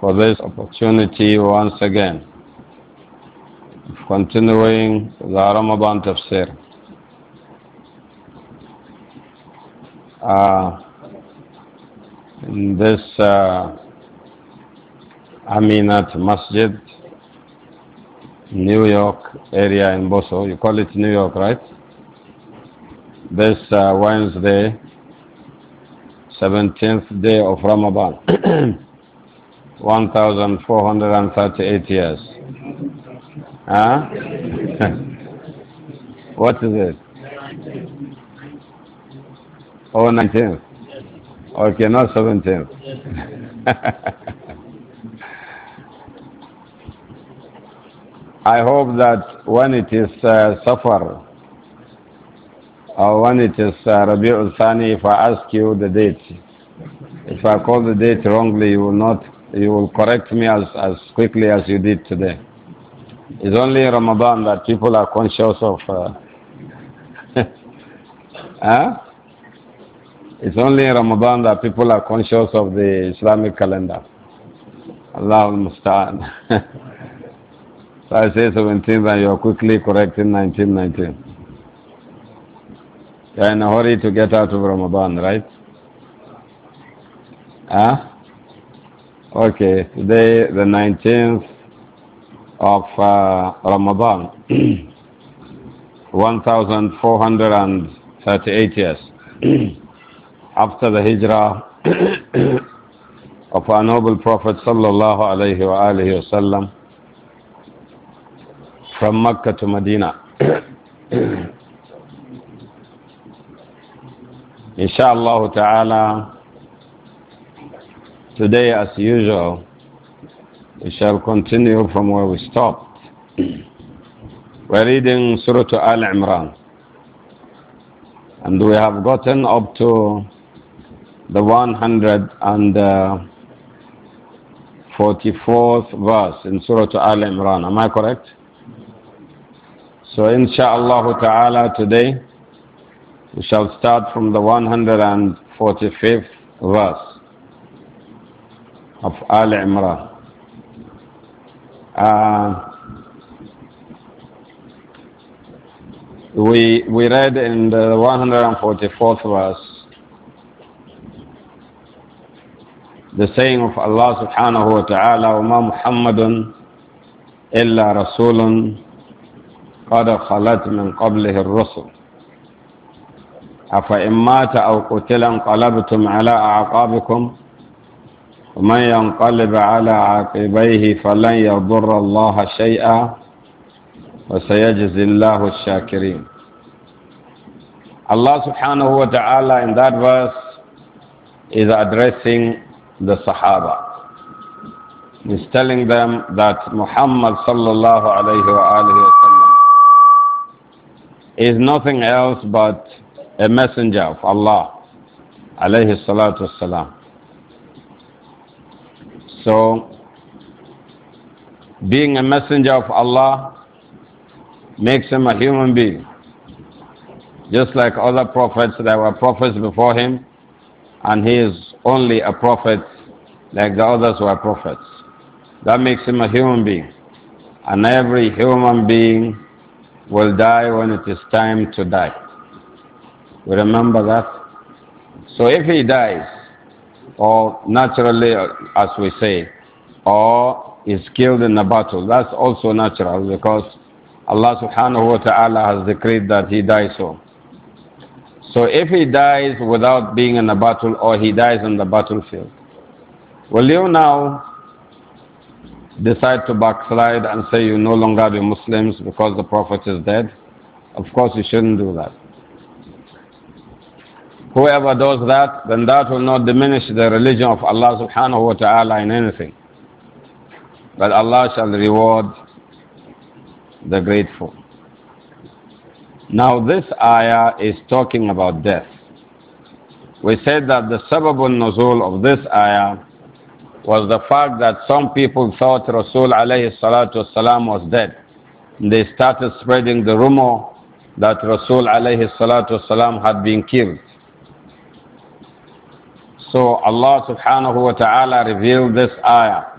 for this opportunity once again. Continuing the Ramadan tafsir. Uh, in this uh, Aminat Masjid, New York area in Boso. You call it New York, right? This uh, Wednesday, 17th day of Ramadan. 1,438 years. Huh? what is it? Oh, 19th. Okay, not 17th. I hope that when it is uh, Safar, or when it is uh, Rabi'ul Thani, if I ask you the date, if I call the date wrongly, you will not you will correct me as, as quickly as you did today. It's only in Ramadan that people are conscious of. Uh, huh? It's only in Ramadan that people are conscious of the Islamic calendar. Allah musta'an. so I say 17 and you are quickly correcting nineteen You are in a hurry to get out of Ramadan, right? Huh? Okay, today the 19th of uh, Ramadan, 1438 years after the hijrah of our noble Prophet sallallahu alaihi wasallam from Mecca to Medina. Inshallah ta'ala Today, as usual, we shall continue from where we stopped. We're reading Surah Al Imran. And we have gotten up to the 144th verse in Surah Al Imran. Am I correct? So, insha'Allah ta'ala, today we shall start from the 145th verse. of Al Imran. Uh, we, we read in the 144th verse the saying of Allah subhanahu wa ta'ala, وَمَا مُحَمَّدٌ إِلَّا رَسُولٌ قَدْ خَلَتْ مِنْ قَبْلِهِ الرُّسُلُ أَفَإِمَّاتَ أَوْ قُتِلًا قَلَبْتُمْ عَلَىٰ أَعْقَابِكُمْ ومن ينقلب على عقبيه فلن يضر الله شيئا وسيجزي الله الشاكرين Allah subhanahu wa ta'ala in that verse is addressing the Sahaba. He's telling them that Muhammad sallallahu alayhi wa alihi wa is nothing else but a messenger of Allah alayhi salatu wasalam. So, being a messenger of Allah makes him a human being. Just like other prophets, there were prophets before him, and he is only a prophet like the others were prophets. That makes him a human being. And every human being will die when it is time to die. We remember that? So if he dies, or naturally, uh, as we say, or is killed in a battle. That's also natural because Allah subhanahu wa ta'ala has decreed that he dies so. So if he dies without being in a battle or he dies on the battlefield, will you now decide to backslide and say you no longer be Muslims because the Prophet is dead? Of course you shouldn't do that. Whoever does that, then that will not diminish the religion of Allah subhanahu wa ta'ala in anything. But Allah shall reward the grateful. Now this ayah is talking about death. We said that the sababun nuzul of this ayah was the fact that some people thought Rasul alayhi salatu wasalam was dead. They started spreading the rumor that Rasul alayhi salatu wasalam had been killed. So Allah subhanahu wa ta'ala revealed this ayah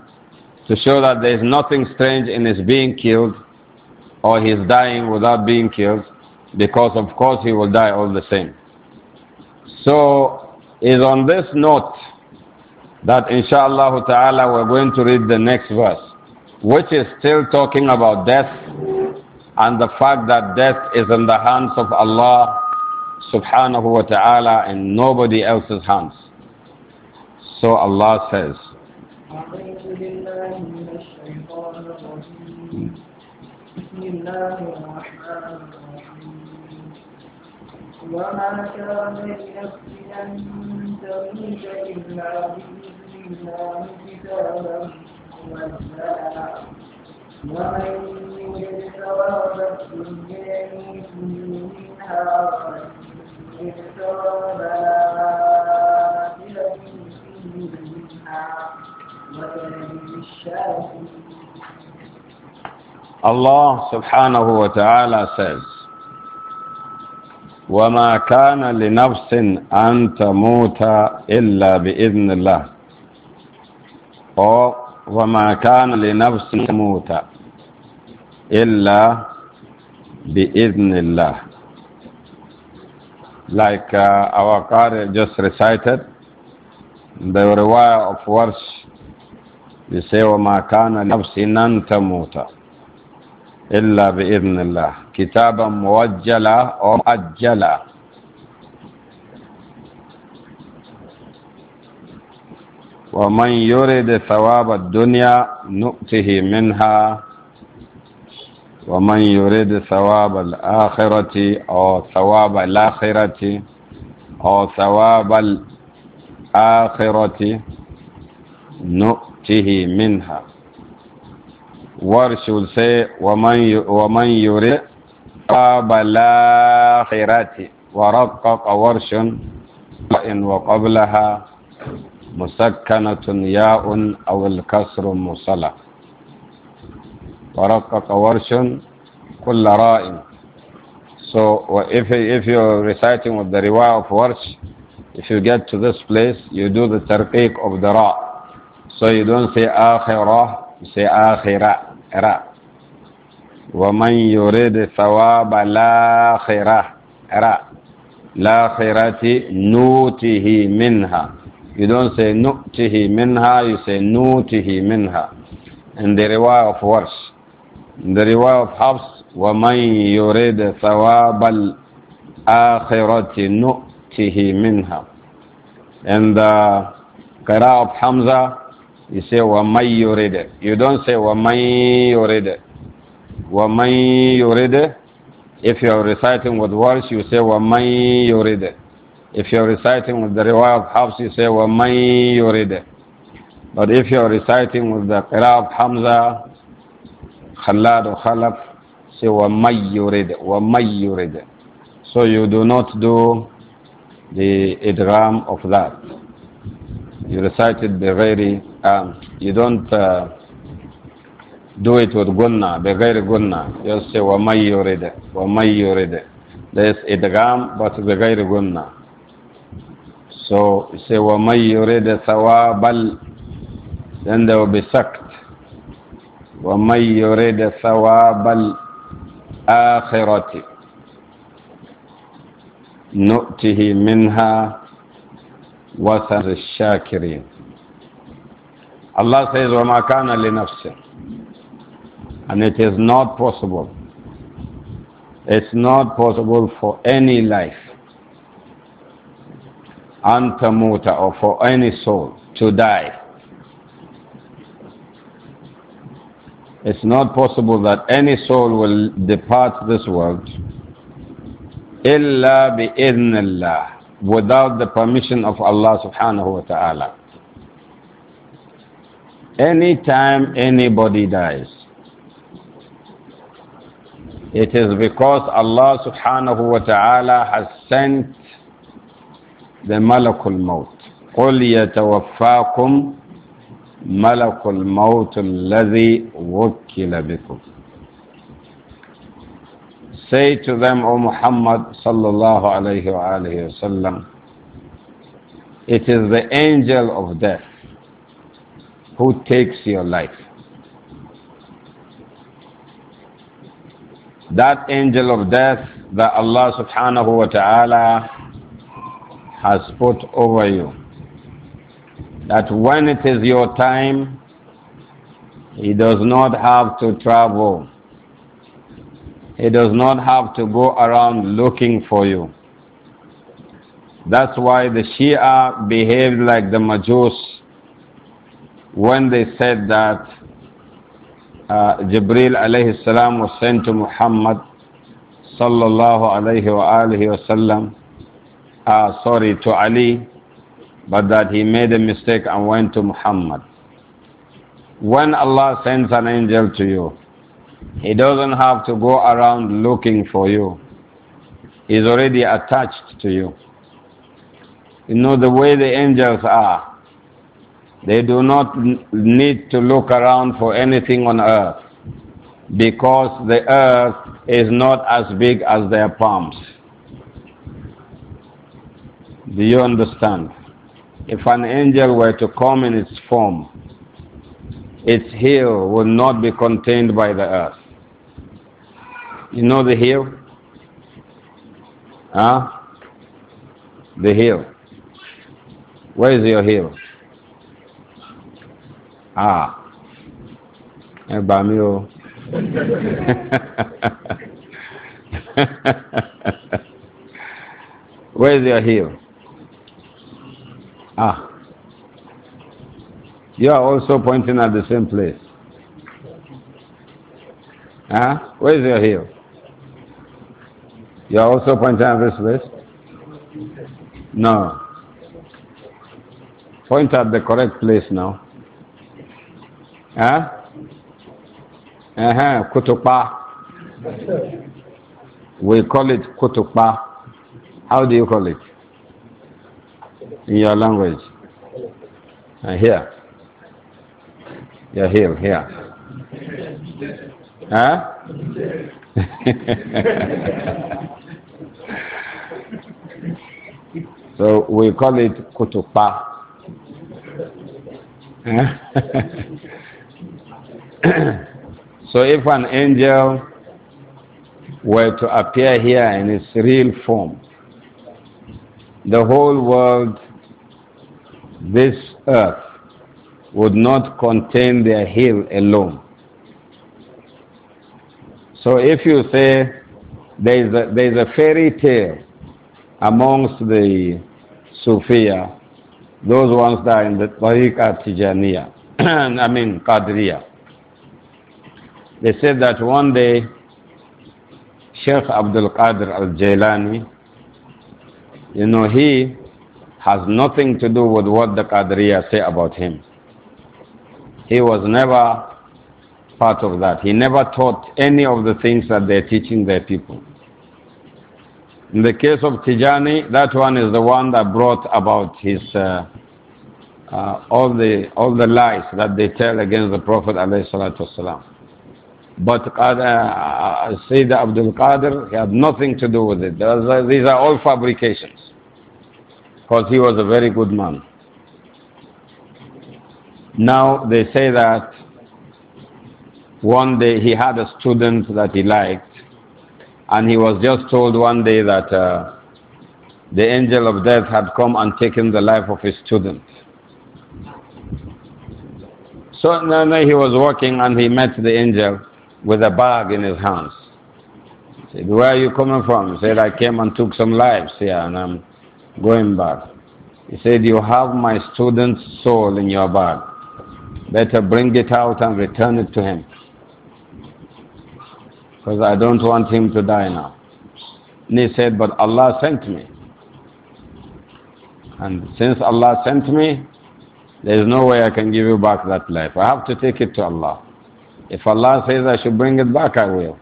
to show that there is nothing strange in his being killed or his dying without being killed because of course he will die all the same. So it's on this note that inshallah ta'ala we're going to read the next verse which is still talking about death and the fact that death is in the hands of Allah subhanahu wa ta'ala and nobody else's hands. So Allah says, وما كان لنفس أن تموت إلا بإذن الله كتابا موزعا ومن يرد ثواب الدنيا يؤتيه منها ومن يرد ثواب الآخرة Allah subhanahu wa ta'ala says, وَمَا كَانَ لِنَفْسٍ أَن تَمُوتَ إِلَّا بِإِذْنِ اللَّهِ Or, وَمَا كَانَ لِنَفْسٍ تَمُوتَ إِلَّا بِإِذْنِ اللَّهِ Like uh, our Qari just recited, the riwayah of words, they say, وَمَا كَانَ لِنَفْسٍ أَن تَمُوتَ إِلَّا بِإِذْنِ اللَّهِ كِتَابًا مُوَجَّلًا أو مؤجلا ومن يرد ثواب الدنيا نؤته منها ومن يرد ثواب الآخرة أو ثواب الآخرة أو ثواب الآخرة نؤته منها ورسول سي say ومن ومن يريد قاب الآخرة ورقق ورش وإن وقبلها مسكنة ياء أو الكسر مصلى ورقق ورش كل رائم So if, if you're reciting with the riwayah of Warsh, If you get to this place, you do the tarqiq of the ra. So you don't say akhirah, you say akhirah, ra. وَمَنْ يُرِدْ ثَوَابَ الْآخِرَةِ را لَآخِرَةِ نُوتِهِ مِنْهَا You don't say نُؤْتِهِ مِنْهَا, you say نُوتِهِ مِنْهَا. In the riwayah of worse. In the riwayah of Hafs, وَمَنْ يُرِدْ ثَوَابَ الْآخِرَةِ نُؤْتِهِ مِنْهَا and the uh, qira of Hamza, you say وَمَنْ يُرِدِ You don't say وَمَنْ يُرِدِ وَمَنْ يُرِدِ If you are reciting with words, you say وَمَنْ يُرِدِ If you are reciting with the riwayah of Hafs, you say وَمَنْ يُرِدِ But if you are reciting with the qira of Hamza, Khalad or Khalaf, say وَمَنْ يُرِدِ وَمَنْ يُرِدِ So you do not do the idram of that. You recite it بغير um, you don't uh, do it with gunna بغير gunna You say ومن يريد ومن يريد there's idram, but بغير gunna so you say ومن يريد ثواب then there will be sucked ومن يريد ثواب الآخرة نؤته منها وثر الشاكرين Allah says وَمَا كَانَ لِنَفْسٍ and it is not possible it's not possible for any life antamuta or for any soul to die it's not possible that any soul will depart this world إلا بإذن الله without the permission of Allah subhanahu wa ta'ala. Anytime anybody dies, it is because Allah subhanahu wa ta'ala has sent the malakul maut. قُلْ يَتَوَفَّاكُمْ مَلَكُ الْمَوْتُ الَّذِي وُكِّلَ بِكُمْ Say to them, O Muhammad sallallahu alayhi wa sallam, it is the angel of death who takes your life. That angel of death that Allah subhanahu wa ta'ala has put over you. That when it is your time, he does not have to travel he does not have to go around looking for you. That's why the Shia behaved like the Majus when they said that uh, Jibril alayhi salam was sent to Muhammad sallallahu alayhi wa alihi wa sallam, uh, sorry, to Ali, but that he made a mistake and went to Muhammad. When Allah sends an angel to you, he doesn't have to go around looking for you. He's already attached to you. You know the way the angels are. They do not need to look around for anything on earth because the earth is not as big as their palms. Do you understand? If an angel were to come in its form, its heel will not be contained by the earth. You know the heel? Huh? The heel. Where is your heel? Ah. Where is your heel? Ah. You are also pointing at the same place. Huh? Where is your heel? You are also pointing at this place? No. Point at the correct place now. Huh? Uh-huh. Kutupa. We call it kutupa. How do you call it? In your language. Uh, here. Yeah, him, here. Huh? so we call it kutupa. so if an angel were to appear here in its real form, the whole world, this earth, would not contain their heel alone. So if you say there is a, there is a fairy tale amongst the Sufia, those ones that are in the Tariqa Tijaniya, I mean Qadriya, they said that one day Sheikh Abdul Qadir al Jailani, you know, he has nothing to do with what the Qadriya say about him. He was never part of that. He never taught any of the things that they're teaching their people. In the case of Tijani, that one is the one that brought about his uh, uh, all the all the lies that they tell against the Prophet والسلام. But uh, uh, Sayyid Abdul Qadir had nothing to do with it. These are all fabrications, because he was a very good man. Now they say that one day he had a student that he liked, and he was just told one day that uh, the angel of death had come and taken the life of his student. So no, he was walking and he met the angel with a bag in his hands. He said, Where are you coming from? He said, I came and took some lives here and I'm going back. He said, You have my student's soul in your bag. Better bring it out and return it to him. Because I don't want him to die now. And he said, But Allah sent me. And since Allah sent me, there is no way I can give you back that life. I have to take it to Allah. If Allah says I should bring it back, I will.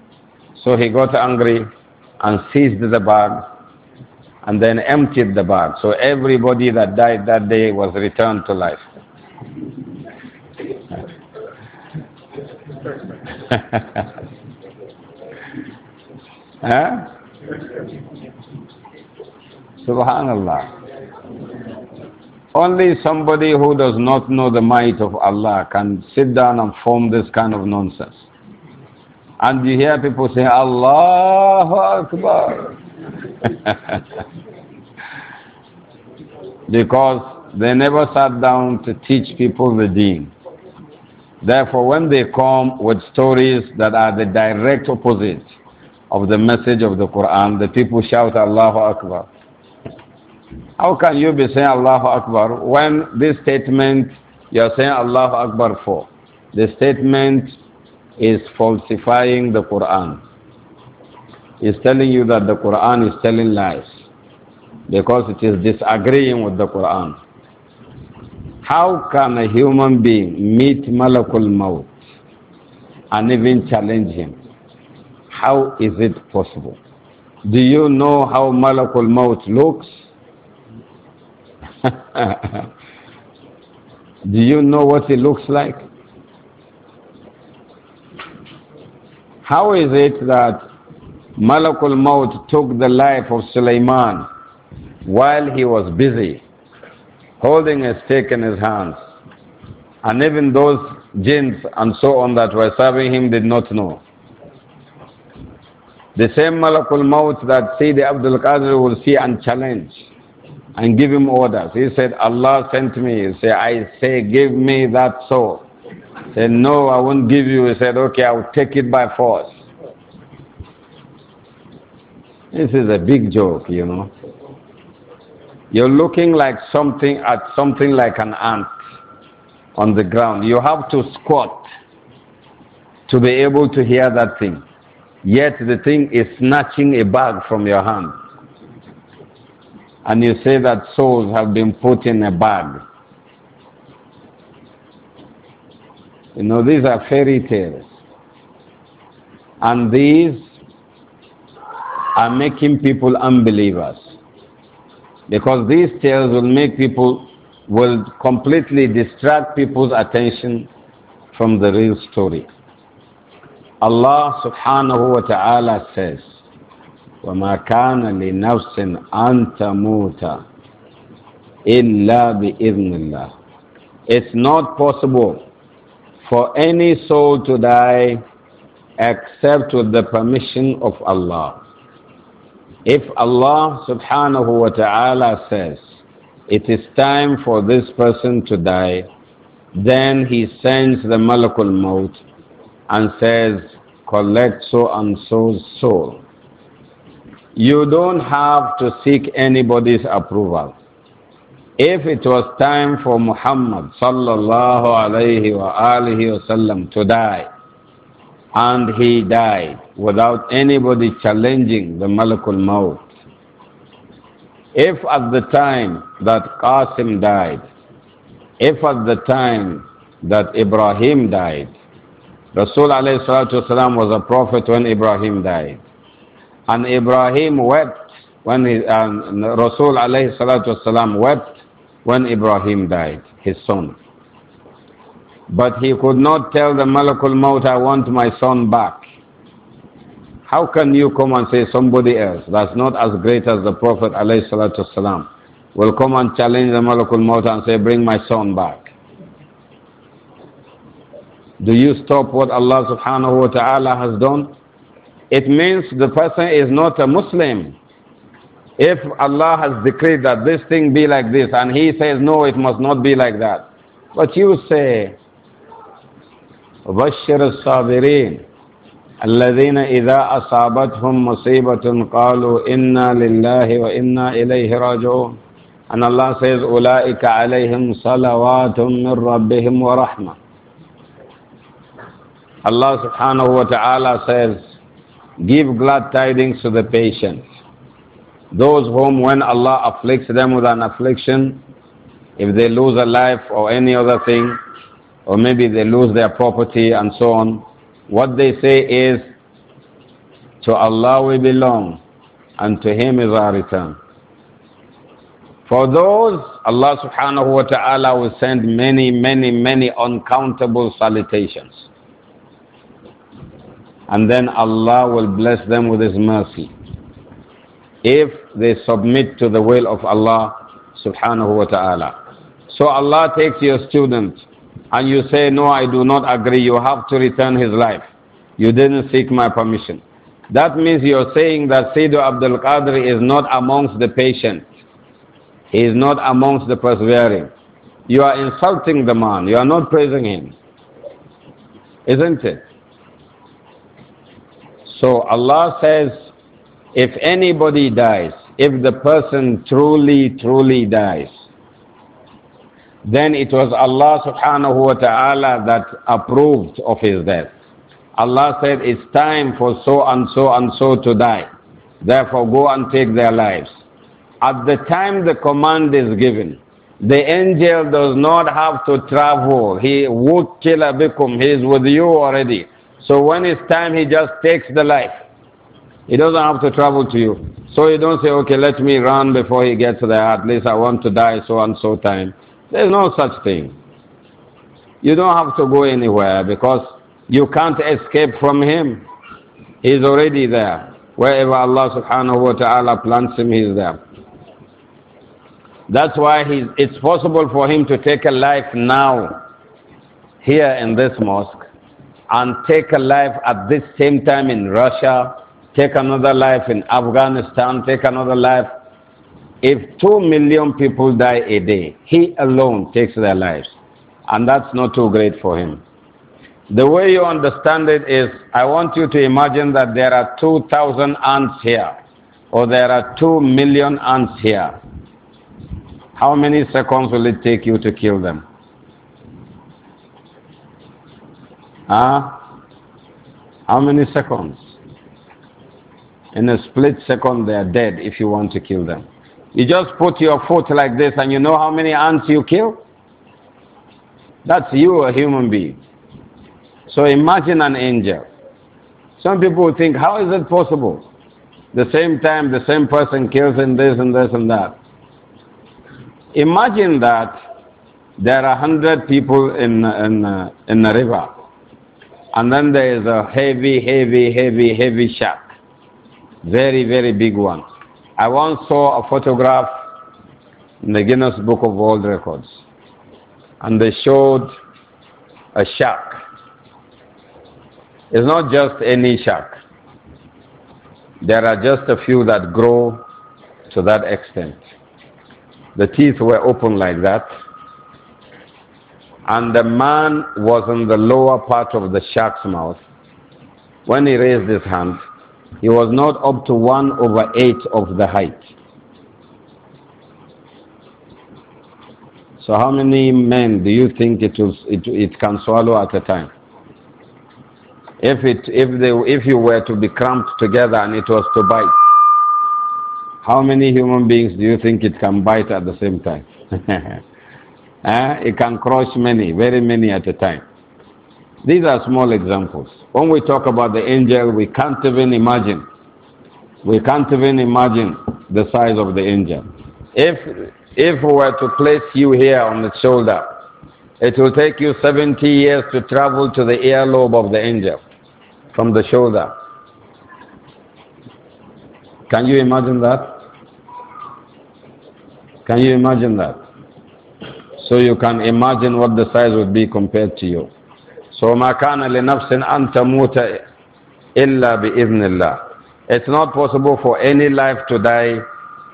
So he got angry and seized the bag and then emptied the bag. So everybody that died that day was returned to life. Subhanallah. Only somebody who does not know the might of Allah can sit down and form this kind of nonsense. And you hear people say, Allah Akbar. because they never sat down to teach people the deen. Therefore, when they come with stories that are the direct opposite of the message of the Quran, the people shout Allahu Akbar. How can you be saying Allahu Akbar when this statement you're saying Allahu Akbar for? The statement is falsifying the Quran. It's telling you that the Quran is telling lies because it is disagreeing with the Quran. How can a human being meet Malakul Maut and even challenge him? How is it possible? Do you know how Malakul Maut looks? Do you know what it looks like? How is it that Malakul Maut took the life of Suleiman while he was busy holding a stick in his hands. And even those jinns and so on that were serving him did not know. The same Malakul Maut that Sidi Abdul Qadir will see and challenge and give him orders. He said, Allah sent me. He said, I say, give me that soul. He said, no, I won't give you. He said, okay, I will take it by force. This is a big joke, you know. You're looking like something at something like an ant on the ground. You have to squat to be able to hear that thing. Yet the thing is snatching a bag from your hand. And you say that souls have been put in a bag. You know, these are fairy tales. And these are making people unbelievers. Because these tales will make people, will completely distract people's attention from the real story. Allah subhanahu wa ta'ala says, وَمَا كَانَ لِنَفْسٍ أَن تَمُوتَ إِلَّا بِإِذْنِ اللَّهِ It's not possible for any soul to die except with the permission of Allah. If Allah subhanahu wa ta'ala says, it is time for this person to die, then he sends the Malakul Maut and says, collect so and so's soul. You don't have to seek anybody's approval. If it was time for Muhammad sallallahu alayhi wa alihi wasallam to die, and he died without anybody challenging the Malakul Maut. If at the time that Qasim died, if at the time that Ibrahim died, Rasul والسلام, was a prophet when Ibrahim died, and Ibrahim wept when he, um, Rasul والسلام, wept when Ibrahim died, his son. But he could not tell the Malakul Maut, I want my son back. How can you come and say somebody else that's not as great as the Prophet والسلام, will come and challenge the Malakul Maut and say, Bring my son back? Do you stop what Allah subhanahu wa ta'ala has done? It means the person is not a Muslim. If Allah has decreed that this thing be like this and he says, No, it must not be like that. But you say, بشر الصابرين الذين إذا أصابتهم مصيبة قالوا إنا لله وإنا إليه راجعون And Allah says, أولئك عليهم صلوات من ربهم ورحمة Allah subhanahu wa ta'ala says, Give glad tidings to the patient. Those whom when Allah afflicts them with an affliction, if they lose a life or any other thing, or maybe they lose their property and so on. What they say is, to Allah we belong, and to Him is our return. For those, Allah subhanahu wa ta'ala will send many, many, many uncountable salutations. And then Allah will bless them with His mercy. If they submit to the will of Allah subhanahu wa ta'ala. So Allah takes your student and you say, No, I do not agree, you have to return his life. You didn't seek my permission. That means you're saying that Sidhu Abdul Qadir is not amongst the patient, he is not amongst the persevering. You are insulting the man, you are not praising him. Isn't it? So Allah says, if anybody dies, if the person truly, truly dies, then it was Allah subhanahu wa ta'ala that approved of his death. Allah said, It's time for so and so and so to die. Therefore, go and take their lives. At the time the command is given, the angel does not have to travel. He would kill abikum. He is with you already. So when it's time, he just takes the life. He doesn't have to travel to you. So you don't say, okay, let me run before he gets there. At least I want to die so and so time. There's no such thing. You don't have to go anywhere because you can't escape from him. He's already there. Wherever Allah subhanahu wa ta'ala plants him, he's there. That's why it's possible for him to take a life now, here in this mosque, and take a life at this same time in Russia, take another life in Afghanistan, take another life if two million people die a day, he alone takes their lives. And that's not too great for him. The way you understand it is, I want you to imagine that there are 2,000 ants here, or there are 2 million ants here. How many seconds will it take you to kill them? Ah, huh? How many seconds? In a split second, they are dead if you want to kill them. You just put your foot like this and you know how many ants you kill? That's you, a human being. So imagine an angel. Some people think, how is it possible? The same time, the same person kills in this and this and that. Imagine that there are 100 people in, in, uh, in a river, and then there is a heavy, heavy, heavy, heavy shark. Very, very big one I once saw a photograph in the Guinness Book of World Records, and they showed a shark. It's not just any shark. There are just a few that grow to that extent. The teeth were open like that, and the man was in the lower part of the shark's mouth. When he raised his hand, he was not up to 1 over 8 of the height. So how many men do you think it, was, it, it can swallow at a time? If, it, if, they, if you were to be cramped together and it was to bite, how many human beings do you think it can bite at the same time? eh? It can crush many, very many at a time. These are small examples. When we talk about the angel, we can't even imagine. We can't even imagine the size of the angel. If, if we were to place you here on the shoulder, it will take you 70 years to travel to the earlobe of the angel from the shoulder. Can you imagine that? Can you imagine that? So you can imagine what the size would be compared to you. So ma kana li nafsin an tamuta illa bi idnillah. It's not possible for any life to die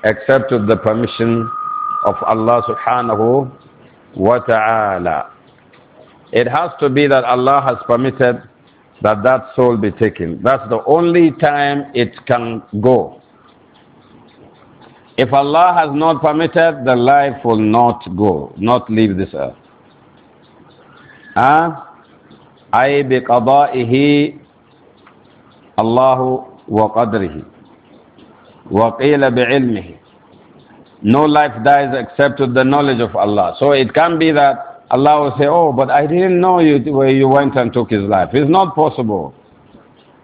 except with the permission of Allah subhanahu wa ta'ala. It has to be that Allah has permitted that that soul be taken. That's the only time it can go. If Allah has not permitted, the life will not go, not leave this earth. Huh? أي بقضائه الله وقدره وقيل بعلمه No life dies except with the knowledge of Allah. So it can be that Allah will say, Oh, but I didn't know you where you went and took his life. It's not possible.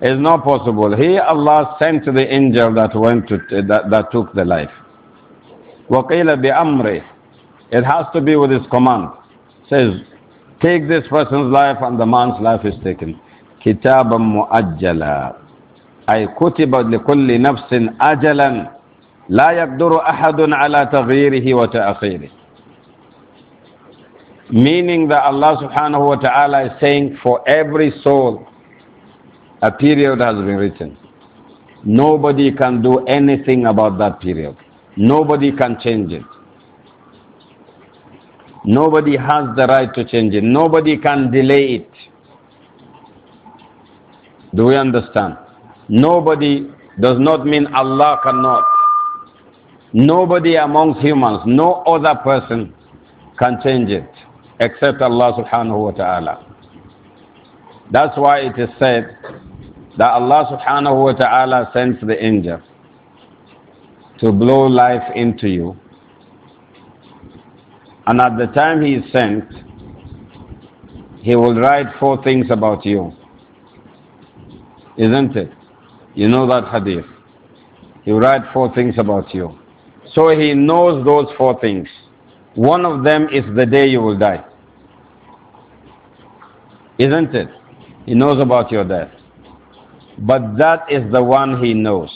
It's not possible. He, Allah sent the angel that went to, that, that took the life. وَقِيلَ بِأَمْرِهِ It has to be with his command. says, Take this person's life and the man's life is taken. ay مؤجلا li kulli nafsin ajalan, la لا يقدر ala على wa وتأخيره meaning that Allah subhanahu wa ta'ala is saying for every soul a period has been written nobody can do anything about that period nobody can change it Nobody has the right to change it. Nobody can delay it. Do we understand? Nobody does not mean Allah cannot. Nobody amongst humans, no other person can change it except Allah subhanahu wa ta'ala. That's why it is said that Allah subhanahu wa ta'ala sends the angel to blow life into you and at the time he is sent, he will write four things about you. Isn't it? You know that hadith. He will write four things about you. So he knows those four things. One of them is the day you will die. Isn't it? He knows about your death. But that is the one he knows.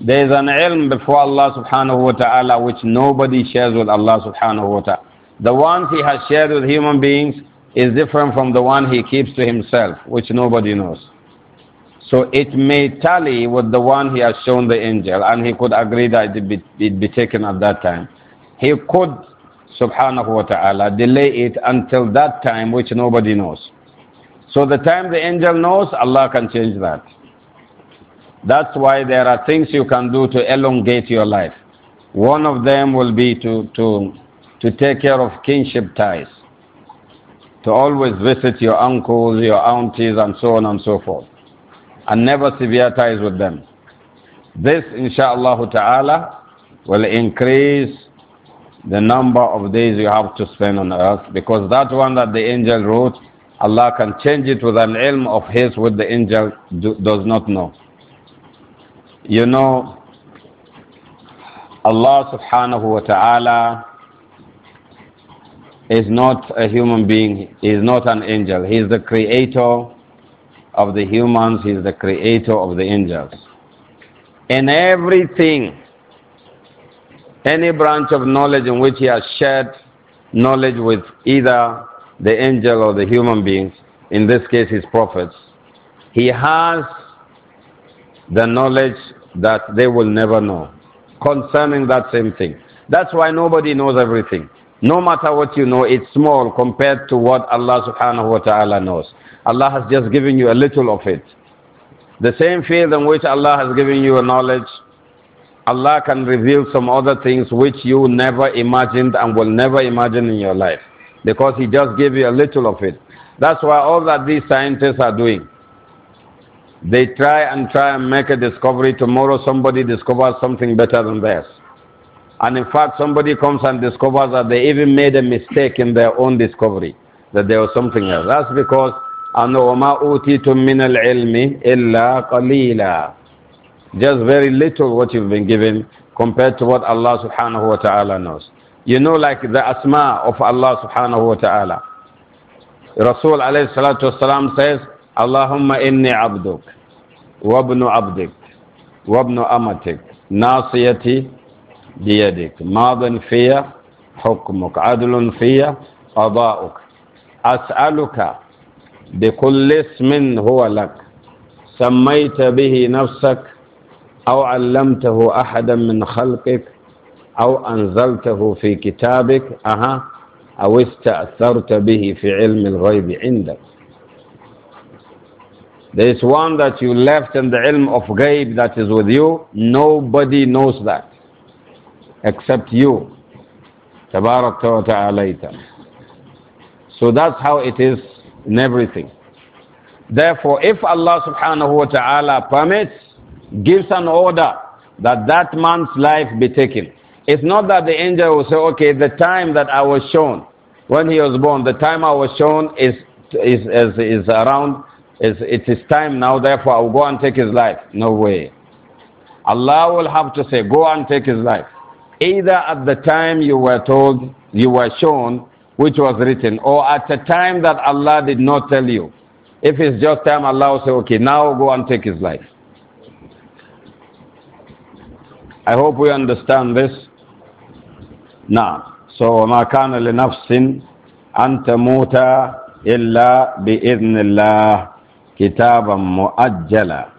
There is an ilm before Allah subhanahu wa ta'ala which nobody shares with Allah subhanahu wa ta'ala. The one he has shared with human beings is different from the one he keeps to himself, which nobody knows. So it may tally with the one he has shown the angel, and he could agree that it be, it be taken at that time. He could, subhanahu wa ta'ala, delay it until that time which nobody knows. So the time the angel knows, Allah can change that. That's why there are things you can do to elongate your life. One of them will be to, to, to take care of kinship ties, to always visit your uncles, your aunties, and so on and so forth, and never sever ties with them. This, insha'Allah ta'ala, will increase the number of days you have to spend on earth because that one that the angel wrote, Allah can change it with an ilm of His, which the angel do, does not know. You know, Allah subhanahu wa ta'ala is not a human being, He is not an angel. He is the creator of the humans, He is the creator of the angels. In everything, any branch of knowledge in which He has shared knowledge with either the angel or the human beings, in this case His prophets, He has the knowledge that they will never know concerning that same thing. That's why nobody knows everything. No matter what you know, it's small compared to what Allah subhanahu wa ta'ala knows. Allah has just given you a little of it. The same field in which Allah has given you a knowledge, Allah can reveal some other things which you never imagined and will never imagine in your life because He just gave you a little of it. That's why all that these scientists are doing they try and try and make a discovery. Tomorrow somebody discovers something better than theirs. And in fact, somebody comes and discovers that they even made a mistake in their own discovery, that there was something else. That's because أَنَوَمَا أُوتِيتُم مِّنَ الْعِلْمِ إِلَّا قَلِيلًا Just very little what you've been given compared to what Allah subhanahu wa ta'ala knows. You know like the asma of Allah subhanahu wa ta'ala. Rasul alayhi salatu wasalam says, اللهم إني عبدك وابن عبدك وابن أمتك ناصيتي بيدك ماض في حكمك عدل في قضاؤك أسألك بكل اسم هو لك سميت به نفسك أو علمته أحدا من خلقك أو أنزلته في كتابك أها أو استأثرت به في علم الغيب عندك There is one that you left in the ilm of ghaib that is with you. Nobody knows that except you. wa So that's how it is in everything. Therefore, if Allah subhanahu wa ta'ala permits, gives an order that that man's life be taken. It's not that the angel will say, okay, the time that I was shown when he was born, the time I was shown is, is, is, is around it's, it is time now, therefore I'll go and take his life. No way. Allah will have to say, go and take his life. Either at the time you were told, you were shown, which was written, or at a time that Allah did not tell you. If it's just time, Allah will say, okay, now go and take his life. I hope we understand this. Now, so ما كان لنفس أن تموت إلا بإذن الله kitaban mu'ajjala.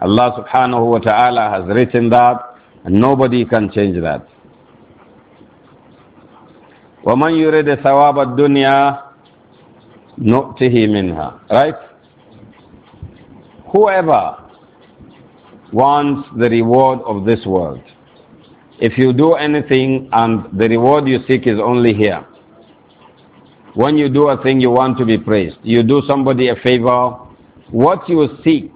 Allah subhanahu wa ta'ala has written that and nobody can change that. وَمَنْ يُرِدِ ثَوَابَ الدُّنْيَا نُؤْتِهِ مِنْهَا Right? Whoever wants the reward of this world, if you do anything and the reward you seek is only here, when you do a thing you want to be praised, you do somebody a favor, what you seek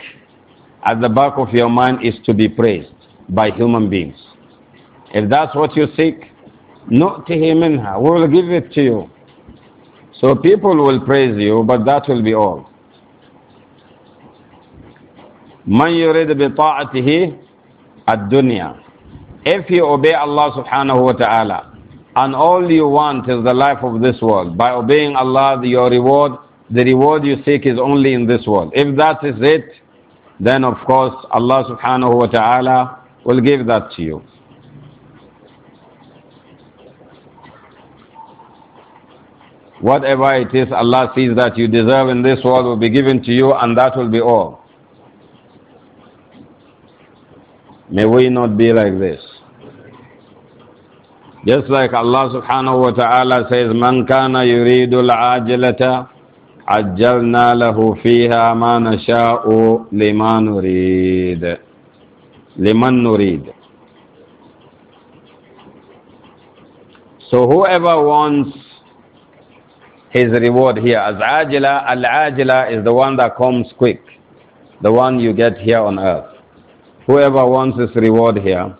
at the back of your mind is to be praised by human beings. If that's what you seek, نُؤْتِهِ مِنْهَا We will give it to you. So people will praise you, but that will be all. مَنْ يُرِدْ بِطَاعَتِهِ الدُّنْيَا If you obey Allah subhanahu wa ta'ala, and all you want is the life of this world, by obeying Allah, your reward the reward you seek is only in this world. If that is it, then of course Allah subhanahu wa ta'ala will give that to you. Whatever it is Allah sees that you deserve in this world will be given to you and that will be all. May we not be like this. Just like Allah subhanahu wa ta'ala says, Man kana yuridu al-ajilata عجلنا له فيها ما نشاء لما نريد لمن نريد So whoever wants his reward here, as ajila, al-ajila is the one that comes quick, the one you get here on earth. Whoever wants his reward here,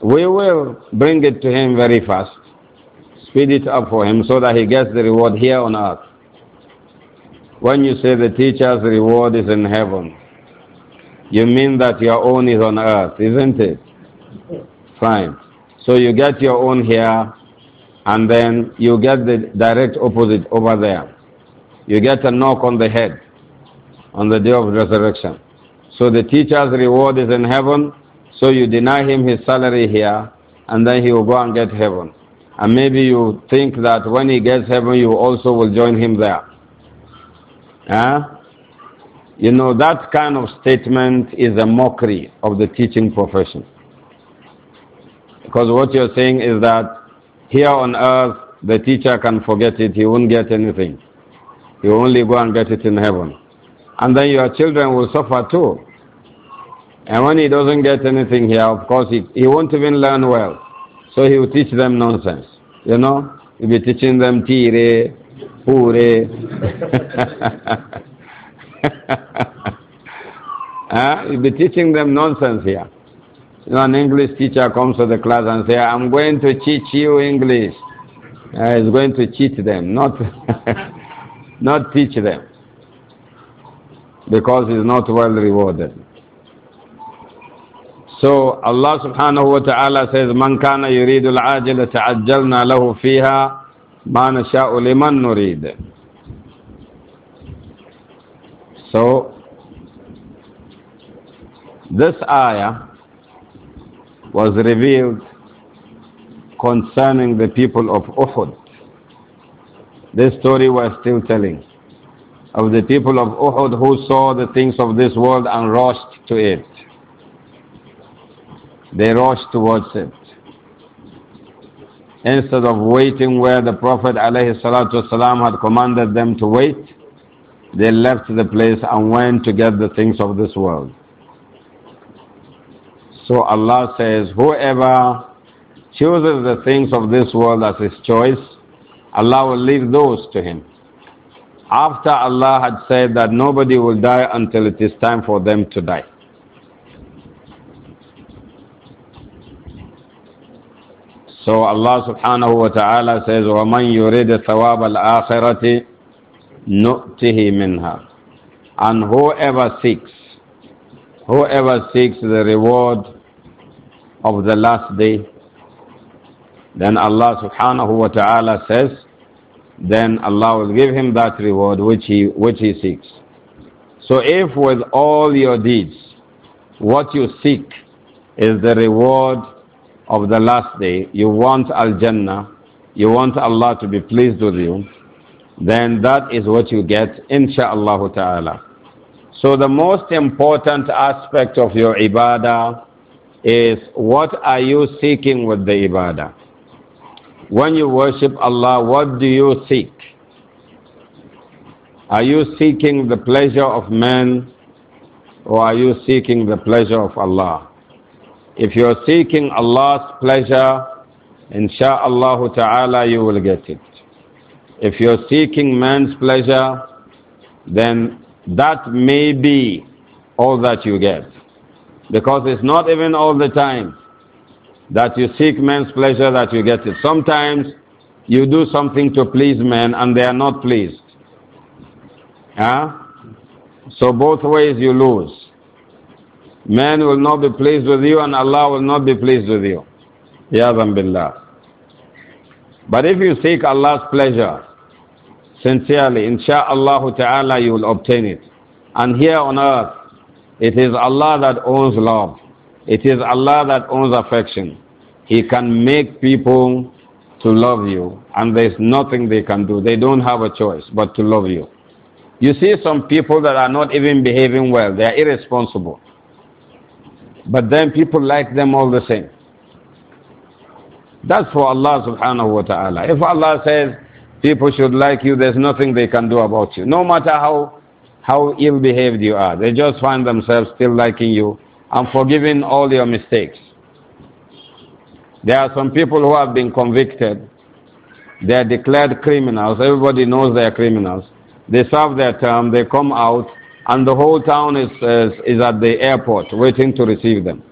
we will bring it to him very fast, speed it up for him so that he gets the reward here on earth. When you say the teacher's reward is in heaven, you mean that your own is on earth, isn't it? Fine. So you get your own here, and then you get the direct opposite over there. You get a knock on the head on the day of resurrection. So the teacher's reward is in heaven, so you deny him his salary here, and then he will go and get heaven. And maybe you think that when he gets heaven, you also will join him there. Huh? You know, that kind of statement is a mockery of the teaching profession. Because what you're saying is that here on earth, the teacher can forget it, he won't get anything. He will only go and get it in heaven. And then your children will suffer too. And when he doesn't get anything here, of course, he, he won't even learn well. So he will teach them nonsense. You know, he'll be teaching them theory, Pure. uh, you'll be teaching them nonsense here. You know, an English teacher comes to the class and says, I'm going to teach you English. Uh, he's going to cheat them, not, not teach them. Because he's not well rewarded. So Allah subhanahu wa ta'ala says, Man kana yuridu al-ajila ta'ajjalna lahu fiha ما نشاء لمن نريد So, this ayah was revealed concerning the people of Uhud. This story was still telling of the people of Uhud who saw the things of this world and rushed to it. They rushed towards it instead of waiting where the Prophet ﷺ had commanded them to wait, they left the place and went to get the things of this world. So Allah says, whoever chooses the things of this world as his choice, Allah will leave those to him. After Allah had said that nobody will die until it is time for them to die. So Allah subhanahu wa ta'ala says, وَمَنْ يُرِدِ ثَوَابَ الْآخِرَةِ نُؤْتِهِ مِنْهَا And whoever seeks, whoever seeks the reward of the last day, then Allah subhanahu wa ta'ala says, then Allah will give him that reward which he, which he seeks. So if with all your deeds, what you seek is the reward of the last day, you want Al Jannah, you want Allah to be pleased with you, then that is what you get, insha'Allah ta'ala. So the most important aspect of your ibadah is what are you seeking with the ibadah? When you worship Allah, what do you seek? Are you seeking the pleasure of men or are you seeking the pleasure of Allah? If you're seeking Allah's pleasure, insha'Allah ta'ala, you will get it. If you're seeking man's pleasure, then that may be all that you get. Because it's not even all the time that you seek man's pleasure that you get it. Sometimes you do something to please men and they are not pleased. Huh? So both ways you lose. Man will not be pleased with you and Allah will not be pleased with you. Yazam billah. But if you seek Allah's pleasure sincerely, insha'Allah ta'ala, you will obtain it. And here on earth, it is Allah that owns love. It is Allah that owns affection. He can make people to love you, and there's nothing they can do. They don't have a choice but to love you. You see some people that are not even behaving well, they are irresponsible. But then people like them all the same. That's for Allah subhanahu wa ta'ala. If Allah says people should like you, there's nothing they can do about you. No matter how, how ill behaved you are, they just find themselves still liking you and forgiving all your mistakes. There are some people who have been convicted. They are declared criminals. Everybody knows they are criminals. They serve their term, they come out, and the whole town is, is, is at the airport waiting to receive them.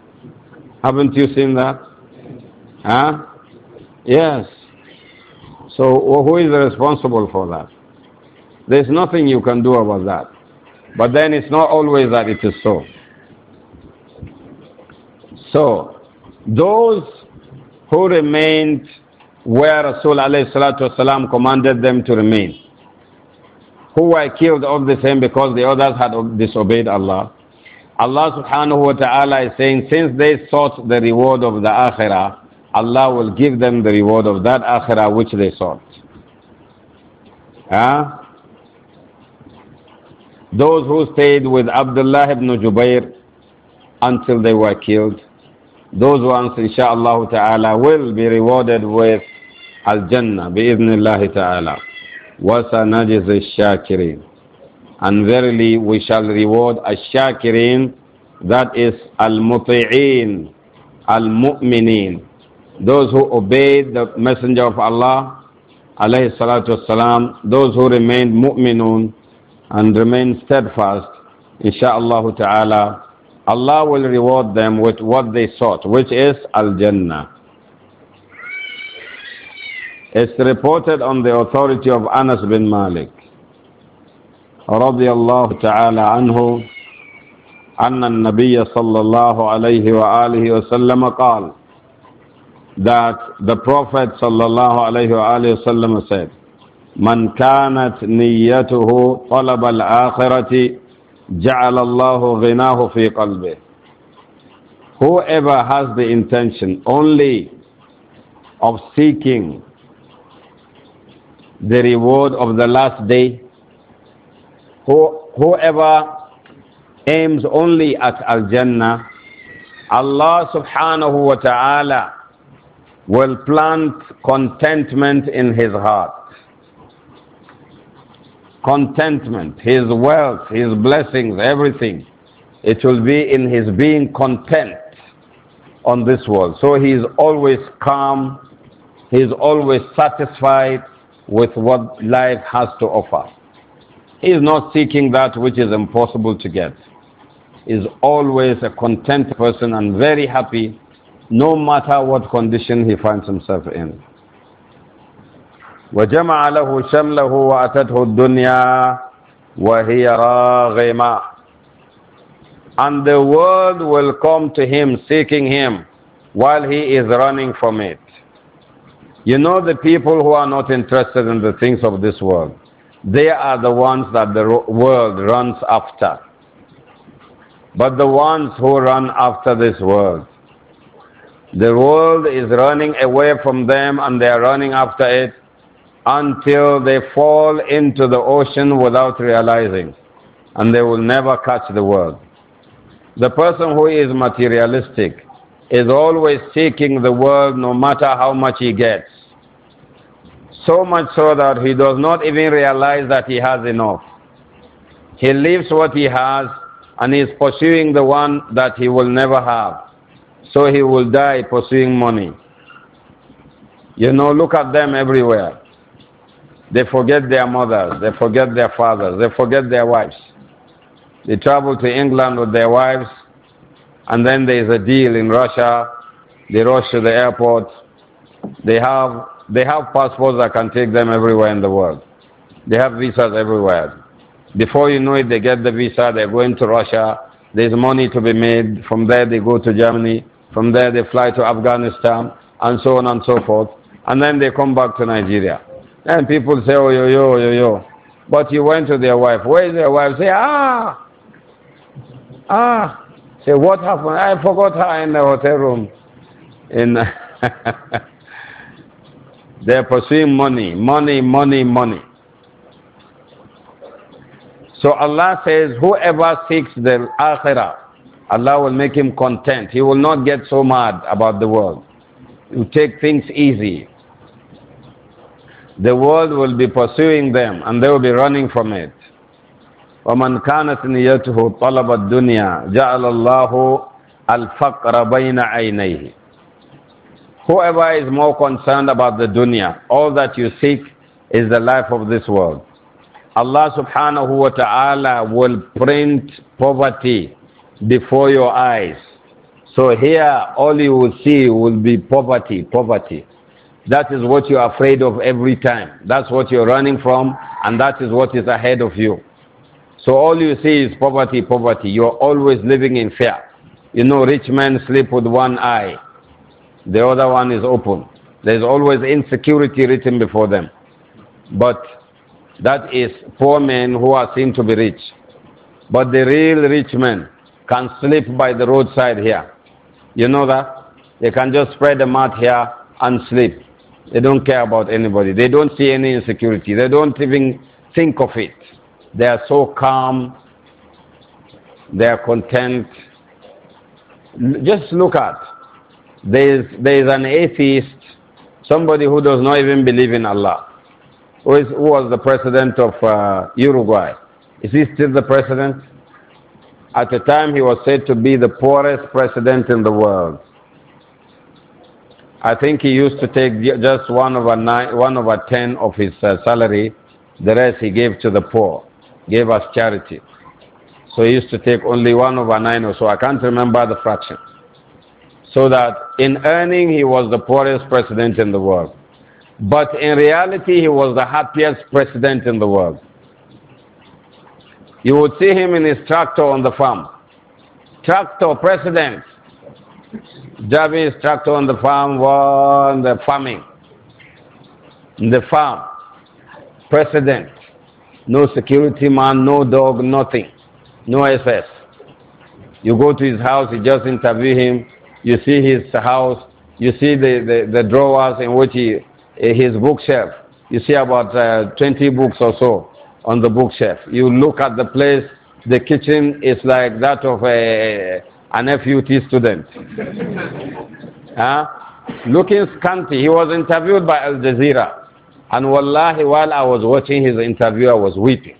Haven't you seen that? Huh? Yes. So who is responsible for that? There's nothing you can do about that. But then it's not always that it is so. So, those who remained where Rasul alayhi salatu wasalam commanded them to remain, who were killed all the same because the others had disobeyed Allah. Allah subhanahu wa ta'ala is saying, since they sought the reward of the akhirah, Allah will give them the reward of that akhirah which they sought. Huh? Those who stayed with Abdullah ibn Jubair until they were killed, those ones, inshaAllah ta'ala, will be rewarded with Al-Jannah, bi-idhnillahi ta'ala. وَسَنَجِزِ الشَّاكِرِينَ And verily we shall reward الشَّاكِرِينَ that is al-muti'een, al-mu'mineen, those who obeyed the Messenger of Allah, alayhi salatu wasalam, those who remained mu'minun and remained steadfast, insha'Allah ta'ala, Allah will reward them with what they sought, which is al-jannah. It's reported on the authority of Anas bin Malik رضي الله تعالى عنه أن النبي صلى الله عليه وآله وسلم قال that the Prophet صلى الله عليه وآله وسلم said من كانت نيته طلب الآخرة جعل الله غناه في قلبه whoever has the intention only of seeking the reward of the last day. Who, whoever aims only at Al Jannah, Allah subhanahu wa ta'ala will plant contentment in his heart. Contentment, his wealth, his blessings, everything. It will be in his being content on this world. So he is always calm, he is always satisfied, with what life has to offer. He is not seeking that which is impossible to get. is always a content person and very happy, no matter what condition he finds himself in. وجمع له شمله وأتته الدنيا وهي راغمة And the world will come to him seeking him while he is running from it. You know the people who are not interested in the things of this world. They are the ones that the world runs after. But the ones who run after this world, the world is running away from them and they are running after it until they fall into the ocean without realizing and they will never catch the world. The person who is materialistic, is always seeking the world no matter how much he gets. So much so that he does not even realize that he has enough. He leaves what he has and is pursuing the one that he will never have. So he will die pursuing money. You know, look at them everywhere. They forget their mothers, they forget their fathers, they forget their wives. They travel to England with their wives, and then there is a deal in Russia. They rush to the airport. They have, they have passports that can take them everywhere in the world. They have visas everywhere. Before you know it, they get the visa, they're going to Russia. There's money to be made. From there, they go to Germany. From there, they fly to Afghanistan, and so on and so forth. And then they come back to Nigeria. And people say, oh, yo, yo, yo, yo. But you went to their wife. Where is their wife? Say, ah, ah. Say, what happened? I forgot her in the hotel room. In They're pursuing money, money, money, money. So Allah says, whoever seeks the akhirah, Allah will make him content. He will not get so mad about the world. He will take things easy. The world will be pursuing them and they will be running from it. ومن كانت نيته طلب الدنيا جعل الله الفقر بين عينيه Whoever is more concerned about the dunya, all that you seek is the life of this world. Allah subhanahu wa ta'ala will print poverty before your eyes. So here, all you will see will be poverty, poverty. That is what you are afraid of every time. That's what you're running from, and that is what is ahead of you. So all you see is poverty, poverty. You are always living in fear. You know, rich men sleep with one eye. The other one is open. There is always insecurity written before them. But that is poor men who are seen to be rich. But the real rich men can sleep by the roadside here. You know that? They can just spread a mat here and sleep. They don't care about anybody. They don't see any insecurity. They don't even think of it. They are so calm. They are content. Just look at. There is, there is an atheist, somebody who does not even believe in Allah, who, is, who was the president of uh, Uruguay. Is he still the president? At the time, he was said to be the poorest president in the world. I think he used to take just one over, nine, one over ten of his uh, salary, the rest he gave to the poor gave us charity. So he used to take only one over nine or so. I can't remember the fraction. So that in earning, he was the poorest president in the world. But in reality, he was the happiest president in the world. You would see him in his tractor on the farm. Tractor president. Driving his tractor on the farm, on the farming. In the farm. President. No security man, no dog, nothing. No SS. You go to his house, you just interview him, you see his house, you see the, the, the drawers in which he, his bookshelf. You see about uh, 20 books or so on the bookshelf. You look at the place, the kitchen is like that of a, an FUT student. huh? Looking scanty, he was interviewed by Al Jazeera. And wallahi, while I was watching his interview, I was weeping.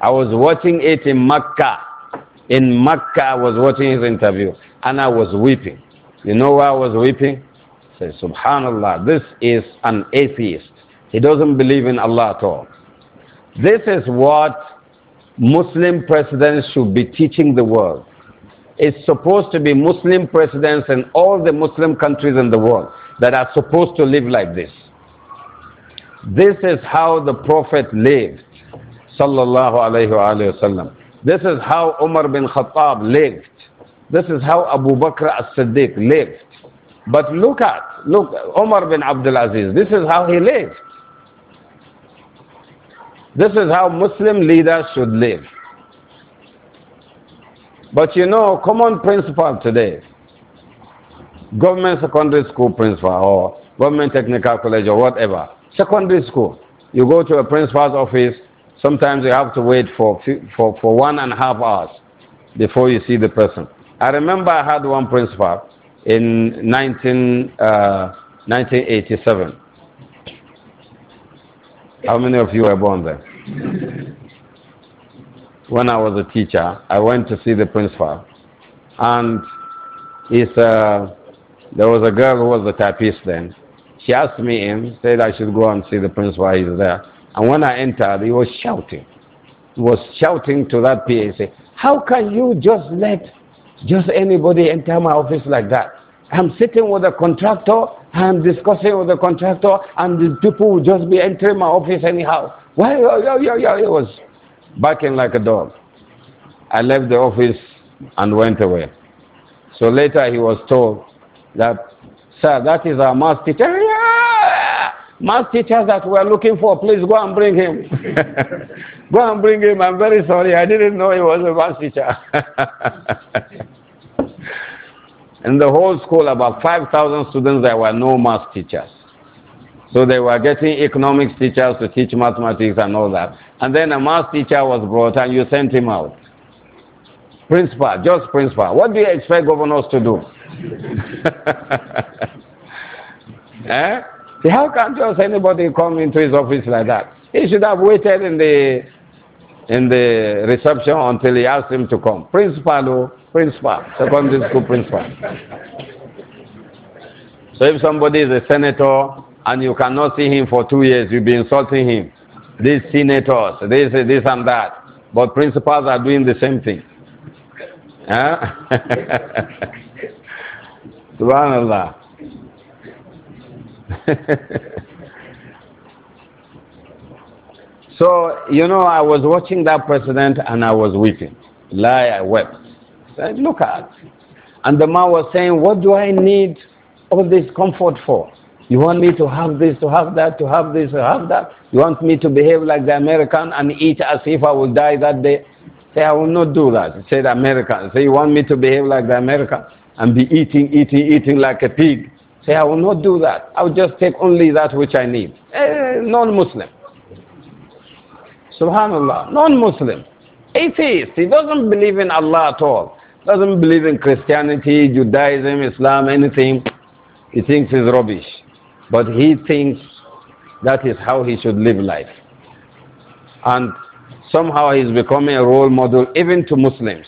I was watching it in Mecca. In Mecca, I was watching his interview. And I was weeping. You know why I was weeping? I said, Subhanallah, this is an atheist. He doesn't believe in Allah at all. This is what Muslim presidents should be teaching the world. It's supposed to be Muslim presidents in all the Muslim countries in the world that are supposed to live like this. This is how the Prophet lived, sallallahu alayhi wa sallam. This is how Umar bin Khattab lived. This is how Abu Bakr as-Siddiq lived. But look at, look, Umar bin Abdul Aziz, this is how he lived. This is how Muslim leaders should live. But you know, common principle today, government secondary school principal or government technical college or whatever, Secondary school, you go to a principal's office, sometimes you have to wait for, for, for one and a half hours before you see the person. I remember I had one principal in 19, uh, 1987. How many of you were born there? when I was a teacher, I went to see the principal, and it's, uh, there was a girl who was a typist then, she asked me in, said I should go and see the prince while he's there. And when I entered, he was shouting. He was shouting to that PA, say, how can you just let just anybody enter my office like that? I'm sitting with a contractor, I'm discussing with the contractor, and the people will just be entering my office anyhow. Why? Yo, yo, yo, It was barking like a dog. I left the office and went away. So later he was told that, sir, that is our master Math teachers that we are looking for, please go and bring him. go and bring him. I'm very sorry. I didn't know he was a math teacher. In the whole school, about 5,000 students, there were no math teachers. So they were getting economics teachers to teach mathematics and all that. And then a math teacher was brought and you sent him out. Principal, just principal. What do you expect governors to do? eh? See, how can just anybody come into his office like that? He should have waited in the in the reception until he asked him to come. Principal, oh, principal, secondary school principal. So if somebody is a senator and you cannot see him for two years, you'll be insulting him. These senators, they say this and that. But principals are doing the same thing. Huh? Subhanallah. so, you know, I was watching that president and I was weeping. Lie, I wept. I said, look at. And the man was saying, what do I need all this comfort for? You want me to have this, to have that, to have this, to have that? You want me to behave like the American and eat as if I will die that day? Say, I will not do that. Say the American. Say, you want me to behave like the American and be eating, eating, eating like a pig? say, I will not do that. I will just take only that which I need. Eh, non-Muslim. Subhanallah. Non-Muslim. Atheist. He doesn't believe in Allah at all. Doesn't believe in Christianity, Judaism, Islam, anything. He thinks is rubbish. But he thinks that is how he should live life. And somehow he's becoming a role model even to Muslims.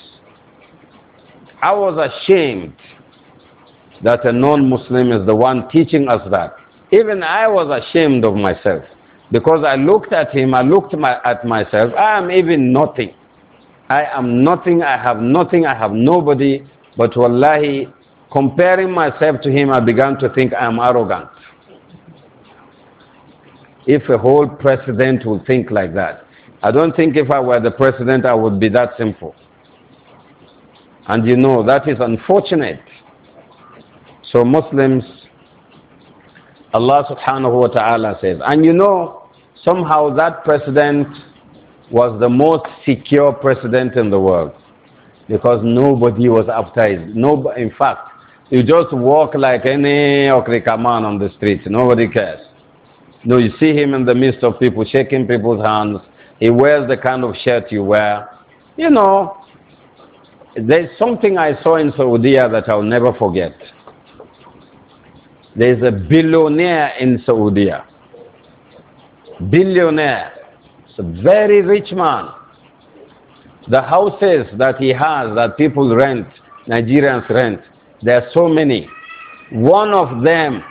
I was ashamed that a non-Muslim is the one teaching us that. Even I was ashamed of myself because I looked at him, I looked my, at myself, I am even nothing. I am nothing, I have nothing, I have nobody, but wallahi, comparing myself to him, I began to think I am arrogant. If a whole president would think like that, I don't think if I were the president I would be that simple. And you know, that is unfortunate. So Muslims, Allah subhanahu wa ta'ala says, and you know, somehow that president was the most secure president in the world because nobody was after him. No, in fact, you just walk like any Okrika man on the street. Nobody cares. No, you see him in the midst of people, shaking people's hands. He wears the kind of shirt you wear. You know, there's something I saw in Saudi that I'll never forget. There is a billionaire in Saudi. Billionaire. It's a very rich man. The houses that he has that people rent, Nigerians rent, there are so many. One of them,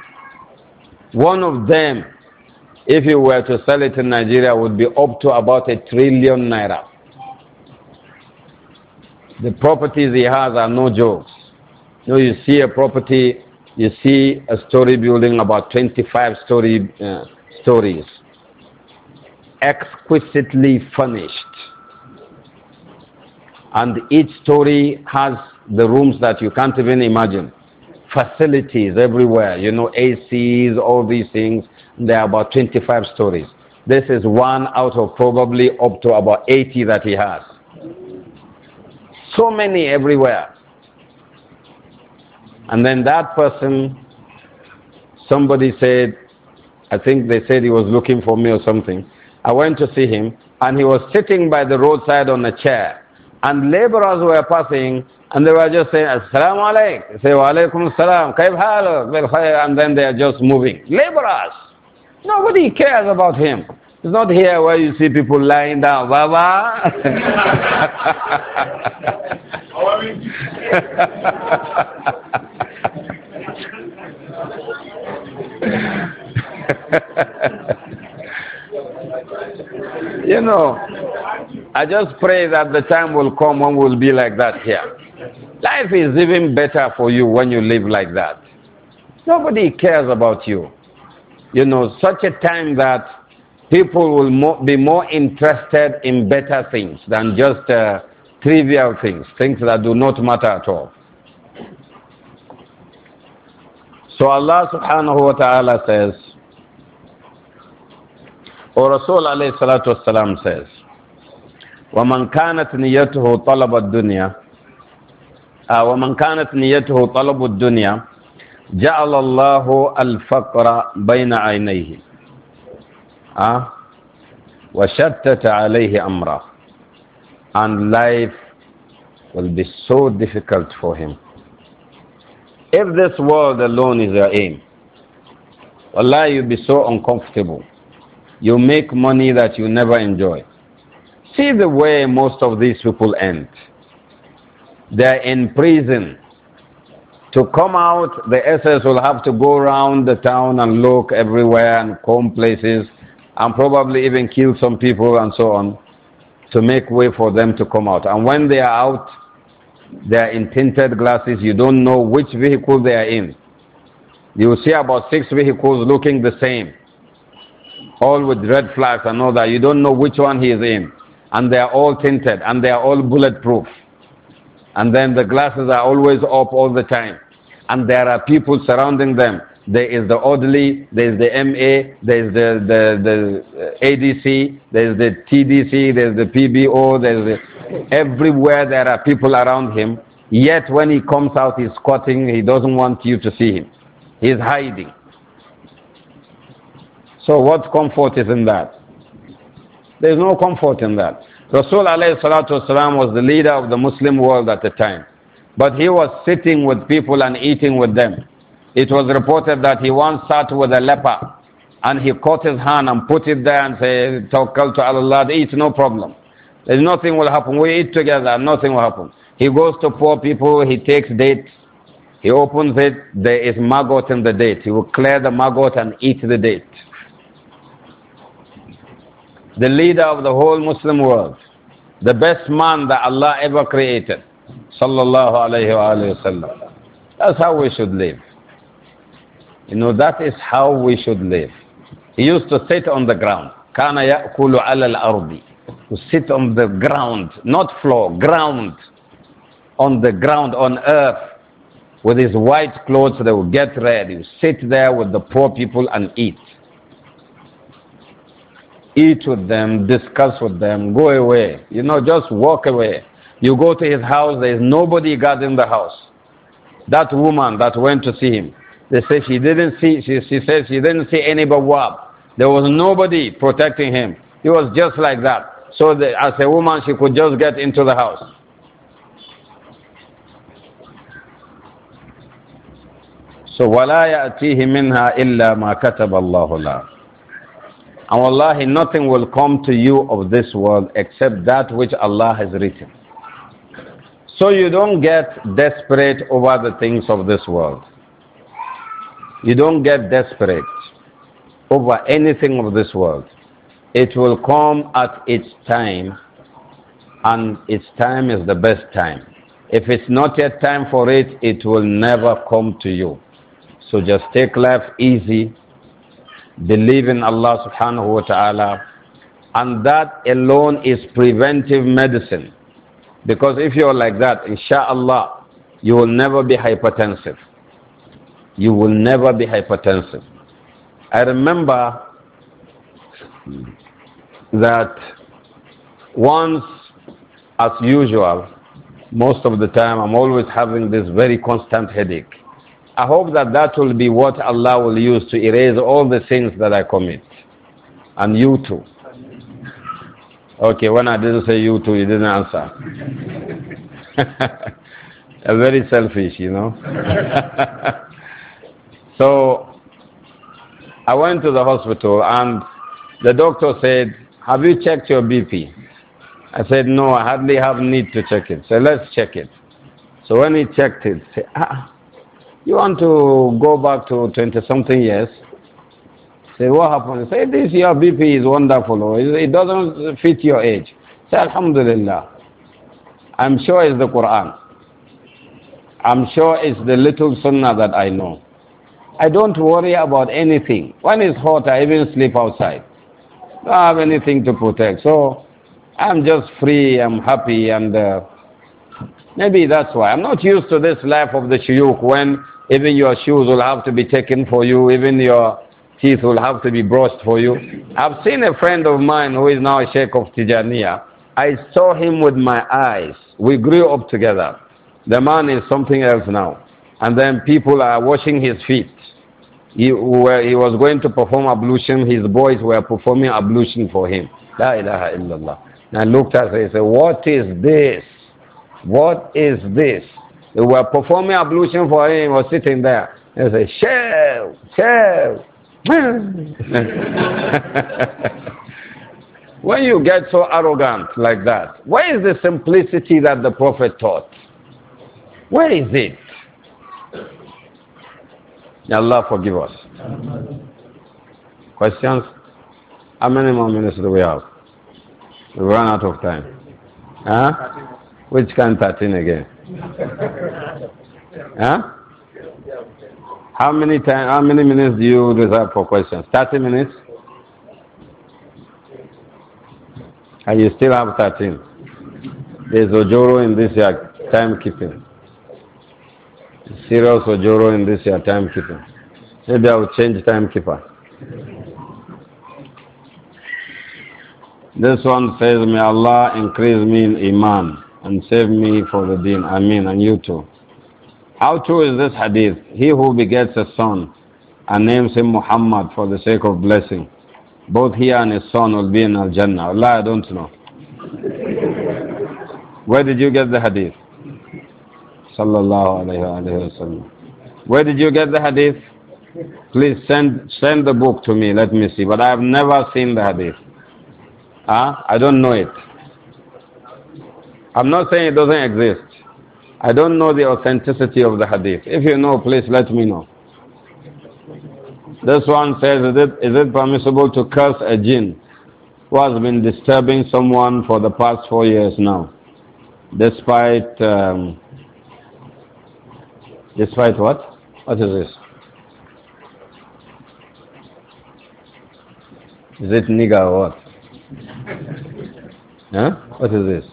one of them, if you were to sell it in Nigeria, would be up to about a trillion naira. The properties he has are no jokes. You, know, you see a property you see a story building about 25 story, uh, stories, exquisitely furnished. And each story has the rooms that you can't even imagine. Facilities everywhere, you know, ACs, all these things. There are about 25 stories. This is one out of probably up to about 80 that he has. So many everywhere. And then that person, somebody said, I think they said he was looking for me or something. I went to see him, and he was sitting by the roadside on a chair. And laborers were passing, and they were just saying, Assalamu alaikum. Say, Wa alaikum And then they are just moving. Laborers! Nobody cares about him. It's not here where you see people lying down. Baba! you know, I just pray that the time will come when we'll be like that here. Life is even better for you when you live like that. Nobody cares about you. You know, such a time that people will be more interested in better things than just uh, trivial things, things that do not matter at all. So Allah subhanahu wa ta'ala says, او رسول علیہ الصلوۃ والسلام سیز من كانت نیته طلب الدنيا آه، من كانت نیته طلب الدنيا جعل الله الفقر بين عينيه آه، وشتت عليه امرا and life will be so difficult for him if this world alone is your aim wallahi you'll be so uncomfortable you make money that you never enjoy. See the way most of these people end. They're in prison. To come out, the SS will have to go around the town and look everywhere and comb places and probably even kill some people and so on to make way for them to come out. And when they are out, they are in tinted glasses. You don't know which vehicle they are in. You see about six vehicles looking the same all with red flags and all that. You don't know which one he is in. And they are all tinted and they are all bulletproof. And then the glasses are always up all the time. And there are people surrounding them. There is the orderly, there is the MA, there is the, the, the uh, ADC, there is the TDC, there is the PBO, there is the, everywhere there are people around him. Yet when he comes out, he's squatting, he doesn't want you to see him. He's hiding. So what comfort is in that? There is no comfort in that. Rasul والسلام, was the leader of the Muslim world at the time. But he was sitting with people and eating with them. It was reported that he once sat with a leper and he caught his hand and put it there and said, Tawakkal to Allah, eat, no problem. There's nothing will happen. We eat together, nothing will happen. He goes to poor people, he takes dates, he opens it, there is maggot in the date. He will clear the maggot and eat the date the leader of the whole Muslim world, the best man that Allah ever created. Sallallahu alayhi wasallam. That's how we should live. You know, that is how we should live. He used to sit on the ground. كَانَ ala al الْأَرْضِ To sit on the ground, not floor, ground. On the ground, on earth. With his white clothes, they would get red. He would sit there with the poor people and eat eat with them, discuss with them, go away. You know, just walk away. You go to his house, there is nobody guarding the house. That woman that went to see him, they say she didn't see, she, she says she didn't see any bawab. There was nobody protecting him. He was just like that. So the, as a woman, she could just get into the house. So وَلَا يَأْتِيهِ مِنْهَا إِلَّا مَا كَتَبَ اللَّهُ لَهُ and wallahi, nothing will come to you of this world except that which Allah has written. So you don't get desperate over the things of this world. You don't get desperate over anything of this world. It will come at its time, and its time is the best time. If it's not yet time for it, it will never come to you. So just take life easy Believe in Allah subhanahu wa ta'ala. And that alone is preventive medicine. Because if you're like that, inshallah, you will never be hypertensive. You will never be hypertensive. I remember that once, as usual, most of the time, I'm always having this very constant headache. I hope that that will be what Allah will use to erase all the sins that I commit. And you too. Okay, when I didn't say you too, you didn't answer. I'm very selfish, you know. so I went to the hospital and the doctor said, Have you checked your BP? I said, No, I hardly have need to check it. So let's check it. So when he checked it, he said, Ah, you want to go back to 20 something years? Say, what happened? Say, this your BP is wonderful. Oh, it doesn't fit your age. Say, Alhamdulillah. I'm sure it's the Quran. I'm sure it's the little sunnah that I know. I don't worry about anything. When it's hot, I even sleep outside. I don't have anything to protect. So I'm just free, I'm happy, and uh, Maybe that's why. I'm not used to this life of the shuyukh when even your shoes will have to be taken for you, even your teeth will have to be brushed for you. I've seen a friend of mine who is now a sheikh of Tijaniya. I saw him with my eyes. We grew up together. The man is something else now. And then people are washing his feet. He, he was going to perform ablution. His boys were performing ablution for him. La ilaha illallah. And I looked at him and said, What is this? What is this? They were performing ablution for him, he was sitting there. He said, Shell, Shell. when you get so arrogant like that, where is the simplicity that the Prophet taught? Where is it? May Allah forgive us. Questions? How many more minutes do we have? We run out of time. Huh? Which can 13 again? huh? How many time, How many minutes do you reserve for questions? 30 minutes? And you still have 13. There's Ojoro in this year, timekeeping. Serious Ojoro in this year, timekeeping. Maybe I will change timekeeper. This one says, May Allah increase me in Iman and save me for the deen. Amin, and you too. How true is this hadith? He who begets a son and names him Muhammad for the sake of blessing, both he and his son will be in Al Jannah. Allah, I don't know. Where did you get the hadith? Sallallahu alayhi wasallam. Where did you get the hadith? Please send, send the book to me. Let me see. But I have never seen the hadith. Huh? I don't know it. I'm not saying it doesn't exist. I don't know the authenticity of the hadith. If you know, please let me know. This one says, is it, is it permissible to curse a jinn who has been disturbing someone for the past four years now? Despite, um, despite what? What is this? Is it nigger or what? huh? What is this?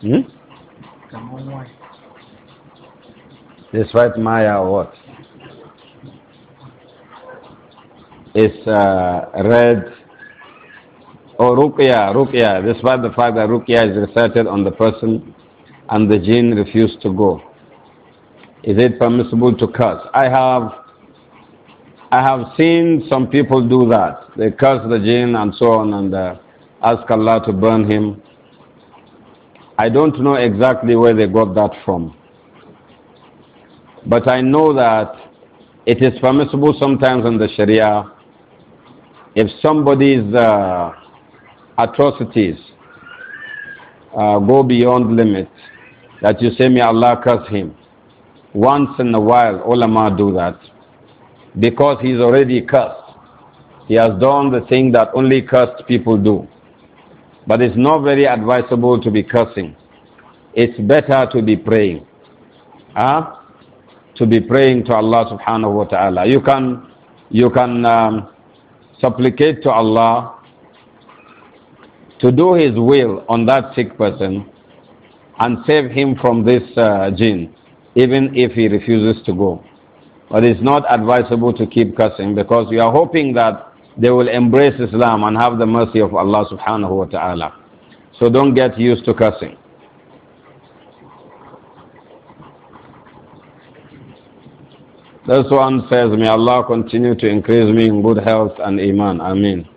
Hmm? white Maya what? It's uh, red. or oh, Rukia. Ruqya, despite the fact that rukia is recited on the person and the jinn refused to go. Is it permissible to curse? I have I have seen some people do that. They curse the jinn and so on and uh, ask Allah to burn him I don't know exactly where they got that from. But I know that it is permissible sometimes in the Sharia if somebody's uh, atrocities uh, go beyond limits, that you say, May Allah curse him. Once in a while, ulama do that because he's already cursed. He has done the thing that only cursed people do. But it's not very advisable to be cursing. It's better to be praying. Huh? To be praying to Allah subhanahu wa ta'ala. You can, you can um, supplicate to Allah to do His will on that sick person and save him from this uh, jinn, even if he refuses to go. But it's not advisable to keep cursing because you are hoping that they will embrace Islam and have the mercy of Allah subhanahu wa ta'ala. So don't get used to cursing. This one says, May Allah continue to increase me in good health and Iman. Ameen.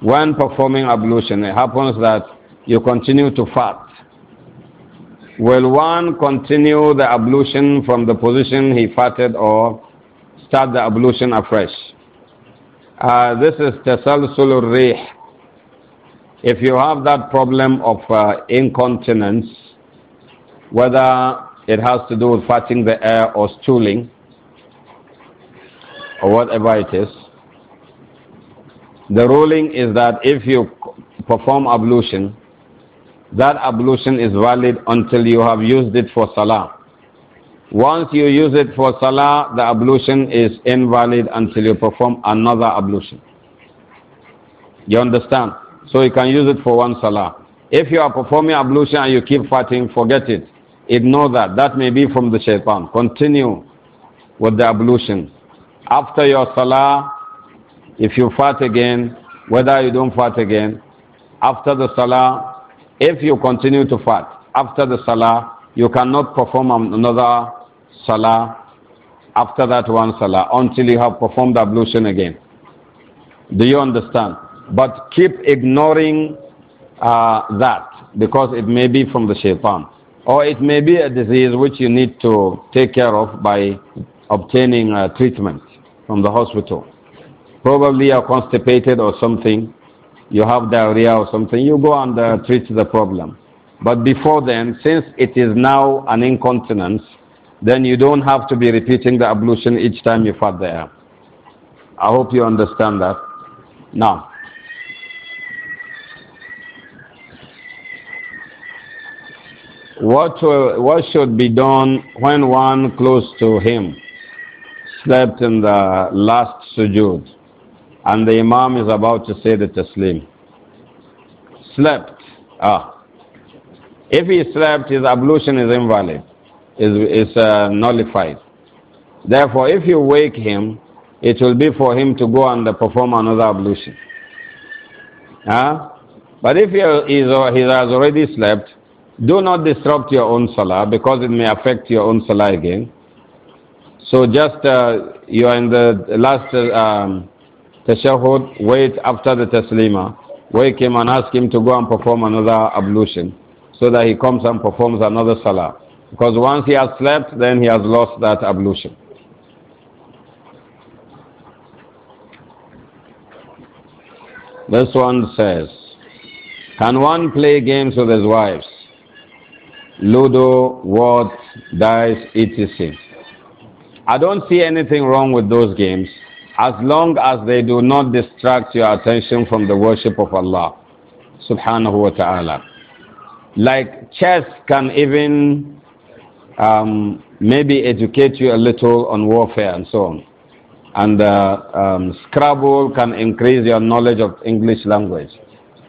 When performing ablution, it happens that you continue to fart. Will one continue the ablution from the position he farted or start the ablution afresh? Uh, this is tasalsul rih. If you have that problem of uh, incontinence, whether it has to do with fighting the air or stooling or whatever it is, the ruling is that if you perform ablution, that ablution is valid until you have used it for salah. Once you use it for salah, the ablution is invalid until you perform another ablution. You understand? So you can use it for one salah. If you are performing ablution and you keep fighting, forget it. Ignore that. That may be from the shaitan. Continue with the ablution. After your salah, if you fart again, whether you don't fart again, after the salah, if you continue to fart after the salah, you cannot perform another salah, after that one salah, until you have performed ablution again. Do you understand? But keep ignoring uh, that because it may be from the shaitan. Or it may be a disease which you need to take care of by obtaining uh, treatment from the hospital. Probably you're constipated or something, you have diarrhea or something, you go and uh, treat the problem. But before then, since it is now an incontinence, then you don't have to be repeating the ablution each time you fart the air. I hope you understand that. Now, what, what should be done when one close to him slept in the last sujood and the imam is about to say the taslim? Slept. Ah. If he slept, his ablution is invalid is, is uh, nullified. Therefore, if you wake him, it will be for him to go and perform another ablution. Huh? But if he, is, he has already slept, do not disrupt your own salah because it may affect your own salah again. So just uh, you are in the last uh, um, tashahud, wait after the taslima, wake him and ask him to go and perform another ablution so that he comes and performs another salah. Because once he has slept, then he has lost that ablution. This one says, can one play games with his wives? Ludo, what, dice, etc. I don't see anything wrong with those games as long as they do not distract your attention from the worship of Allah subhanahu wa ta'ala. Like chess can even um, maybe educate you a little on warfare and so on. And uh, um, Scrabble can increase your knowledge of English language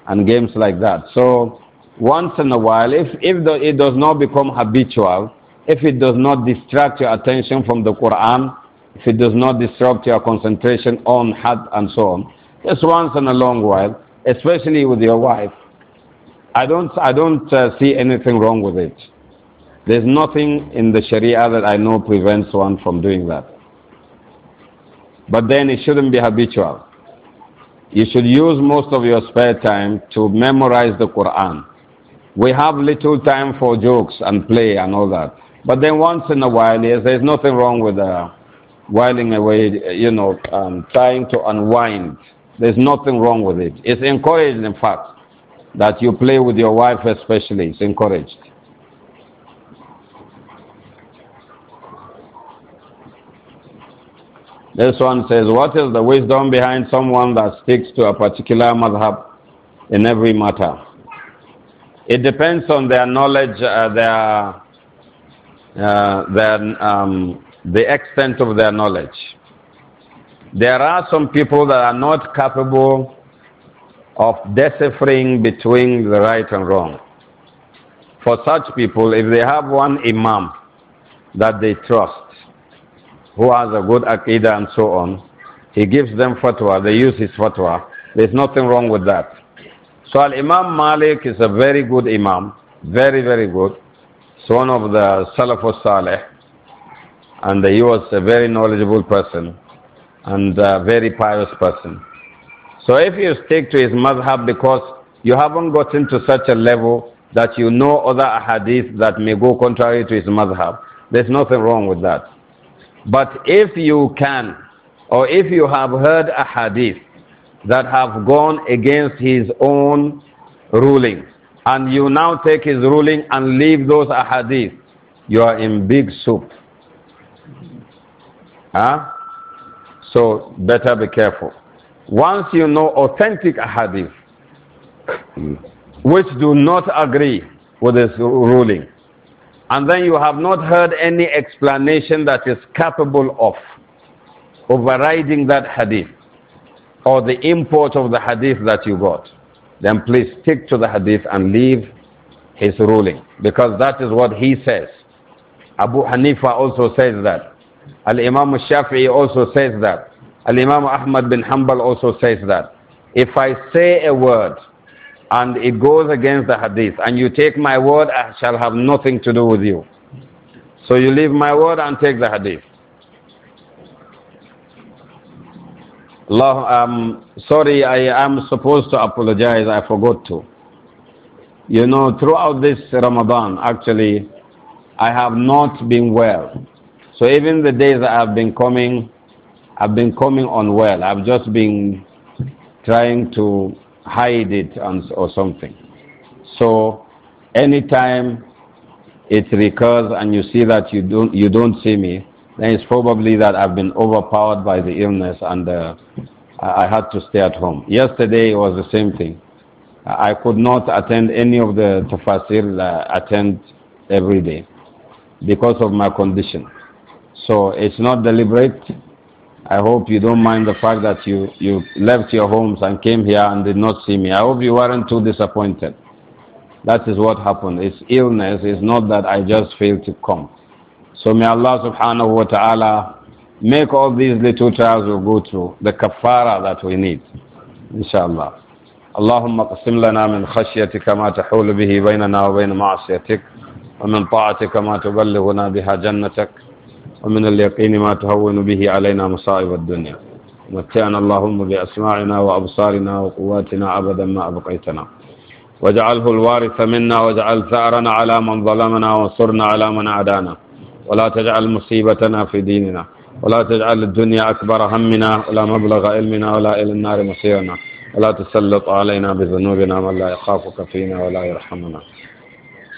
and games like that. So once in a while, if, if the, it does not become habitual, if it does not distract your attention from the Quran, if it does not disrupt your concentration on had and so on, just once in a long while, especially with your wife, I don't, I don't uh, see anything wrong with it. There's nothing in the Sharia that I know prevents one from doing that. But then it shouldn't be habitual. You should use most of your spare time to memorize the Quran. We have little time for jokes and play and all that. But then once in a while, yes, there's nothing wrong with uh, whiling away, you know, um, trying to unwind. There's nothing wrong with it. It's encouraged, in fact, that you play with your wife, especially. It's encouraged. This one says, What is the wisdom behind someone that sticks to a particular madhab in every matter? It depends on their knowledge, uh, their, uh, their, um, the extent of their knowledge. There are some people that are not capable of deciphering between the right and wrong. For such people, if they have one imam that they trust, who has a good aqidah and so on, he gives them fatwa, they use his fatwa. There's nothing wrong with that. So Al Imam Malik is a very good Imam, very, very good. He's one of the Salafus Saleh, and he was a very knowledgeable person and a very pious person. So if you stick to his madhab because you haven't gotten to such a level that you know other ahadith that may go contrary to his madhab, there's nothing wrong with that. But if you can, or if you have heard a hadith that have gone against his own ruling, and you now take his ruling and leave those ahadith, you are in big soup. Huh? So better be careful. Once you know authentic ahadith, which do not agree with his ruling, and then you have not heard any explanation that is capable of overriding that hadith or the import of the hadith that you got, then please stick to the hadith and leave his ruling because that is what he says. Abu Hanifa also says that. Al Imam Shafi'i also says that. Al Imam Ahmad bin Hanbal also says that. If I say a word and it goes against the hadith, and you take my word, I shall have nothing to do with you. So you leave my word and take the hadith. Allah, um, sorry, I am supposed to apologize. I forgot to. You know, throughout this Ramadan, actually, I have not been well. So even the days I have been coming, I've been coming unwell. I've just been trying to hide it and, or something. So anytime it recurs and you see that you don't, you don't see me, then it's probably that I've been overpowered by the illness and uh, I had to stay at home. Yesterday was the same thing. I could not attend any of the tafsir uh, attend every day because of my condition. So it's not deliberate. I hope you don't mind the fact that you, you left your homes and came here and did not see me. I hope you weren't too disappointed. That is what happened. It's illness. It's not that I just failed to come. So may Allah subhanahu wa ta'ala make all these little trials we we'll go through the kafara that we need. Inshallah. اللهم اقسم لنا من خشيتك ما تحول به بيننا وبين معصيتك ومن طاعتك ما تبلغنا بها جنتك ومن اليقين ما تهون به علينا مصائب الدنيا متعنا اللهم بأسماعنا وأبصارنا وقواتنا أبدا ما أبقيتنا واجعله الوارث منا واجعل ثأرنا على من ظلمنا وانصرنا على من عادانا ولا تجعل مصيبتنا في ديننا ولا تجعل الدنيا أكبر همنا ولا مبلغ علمنا ولا إلى النار مصيرنا ولا تسلط علينا بذنوبنا من لا يخافك فينا ولا يرحمنا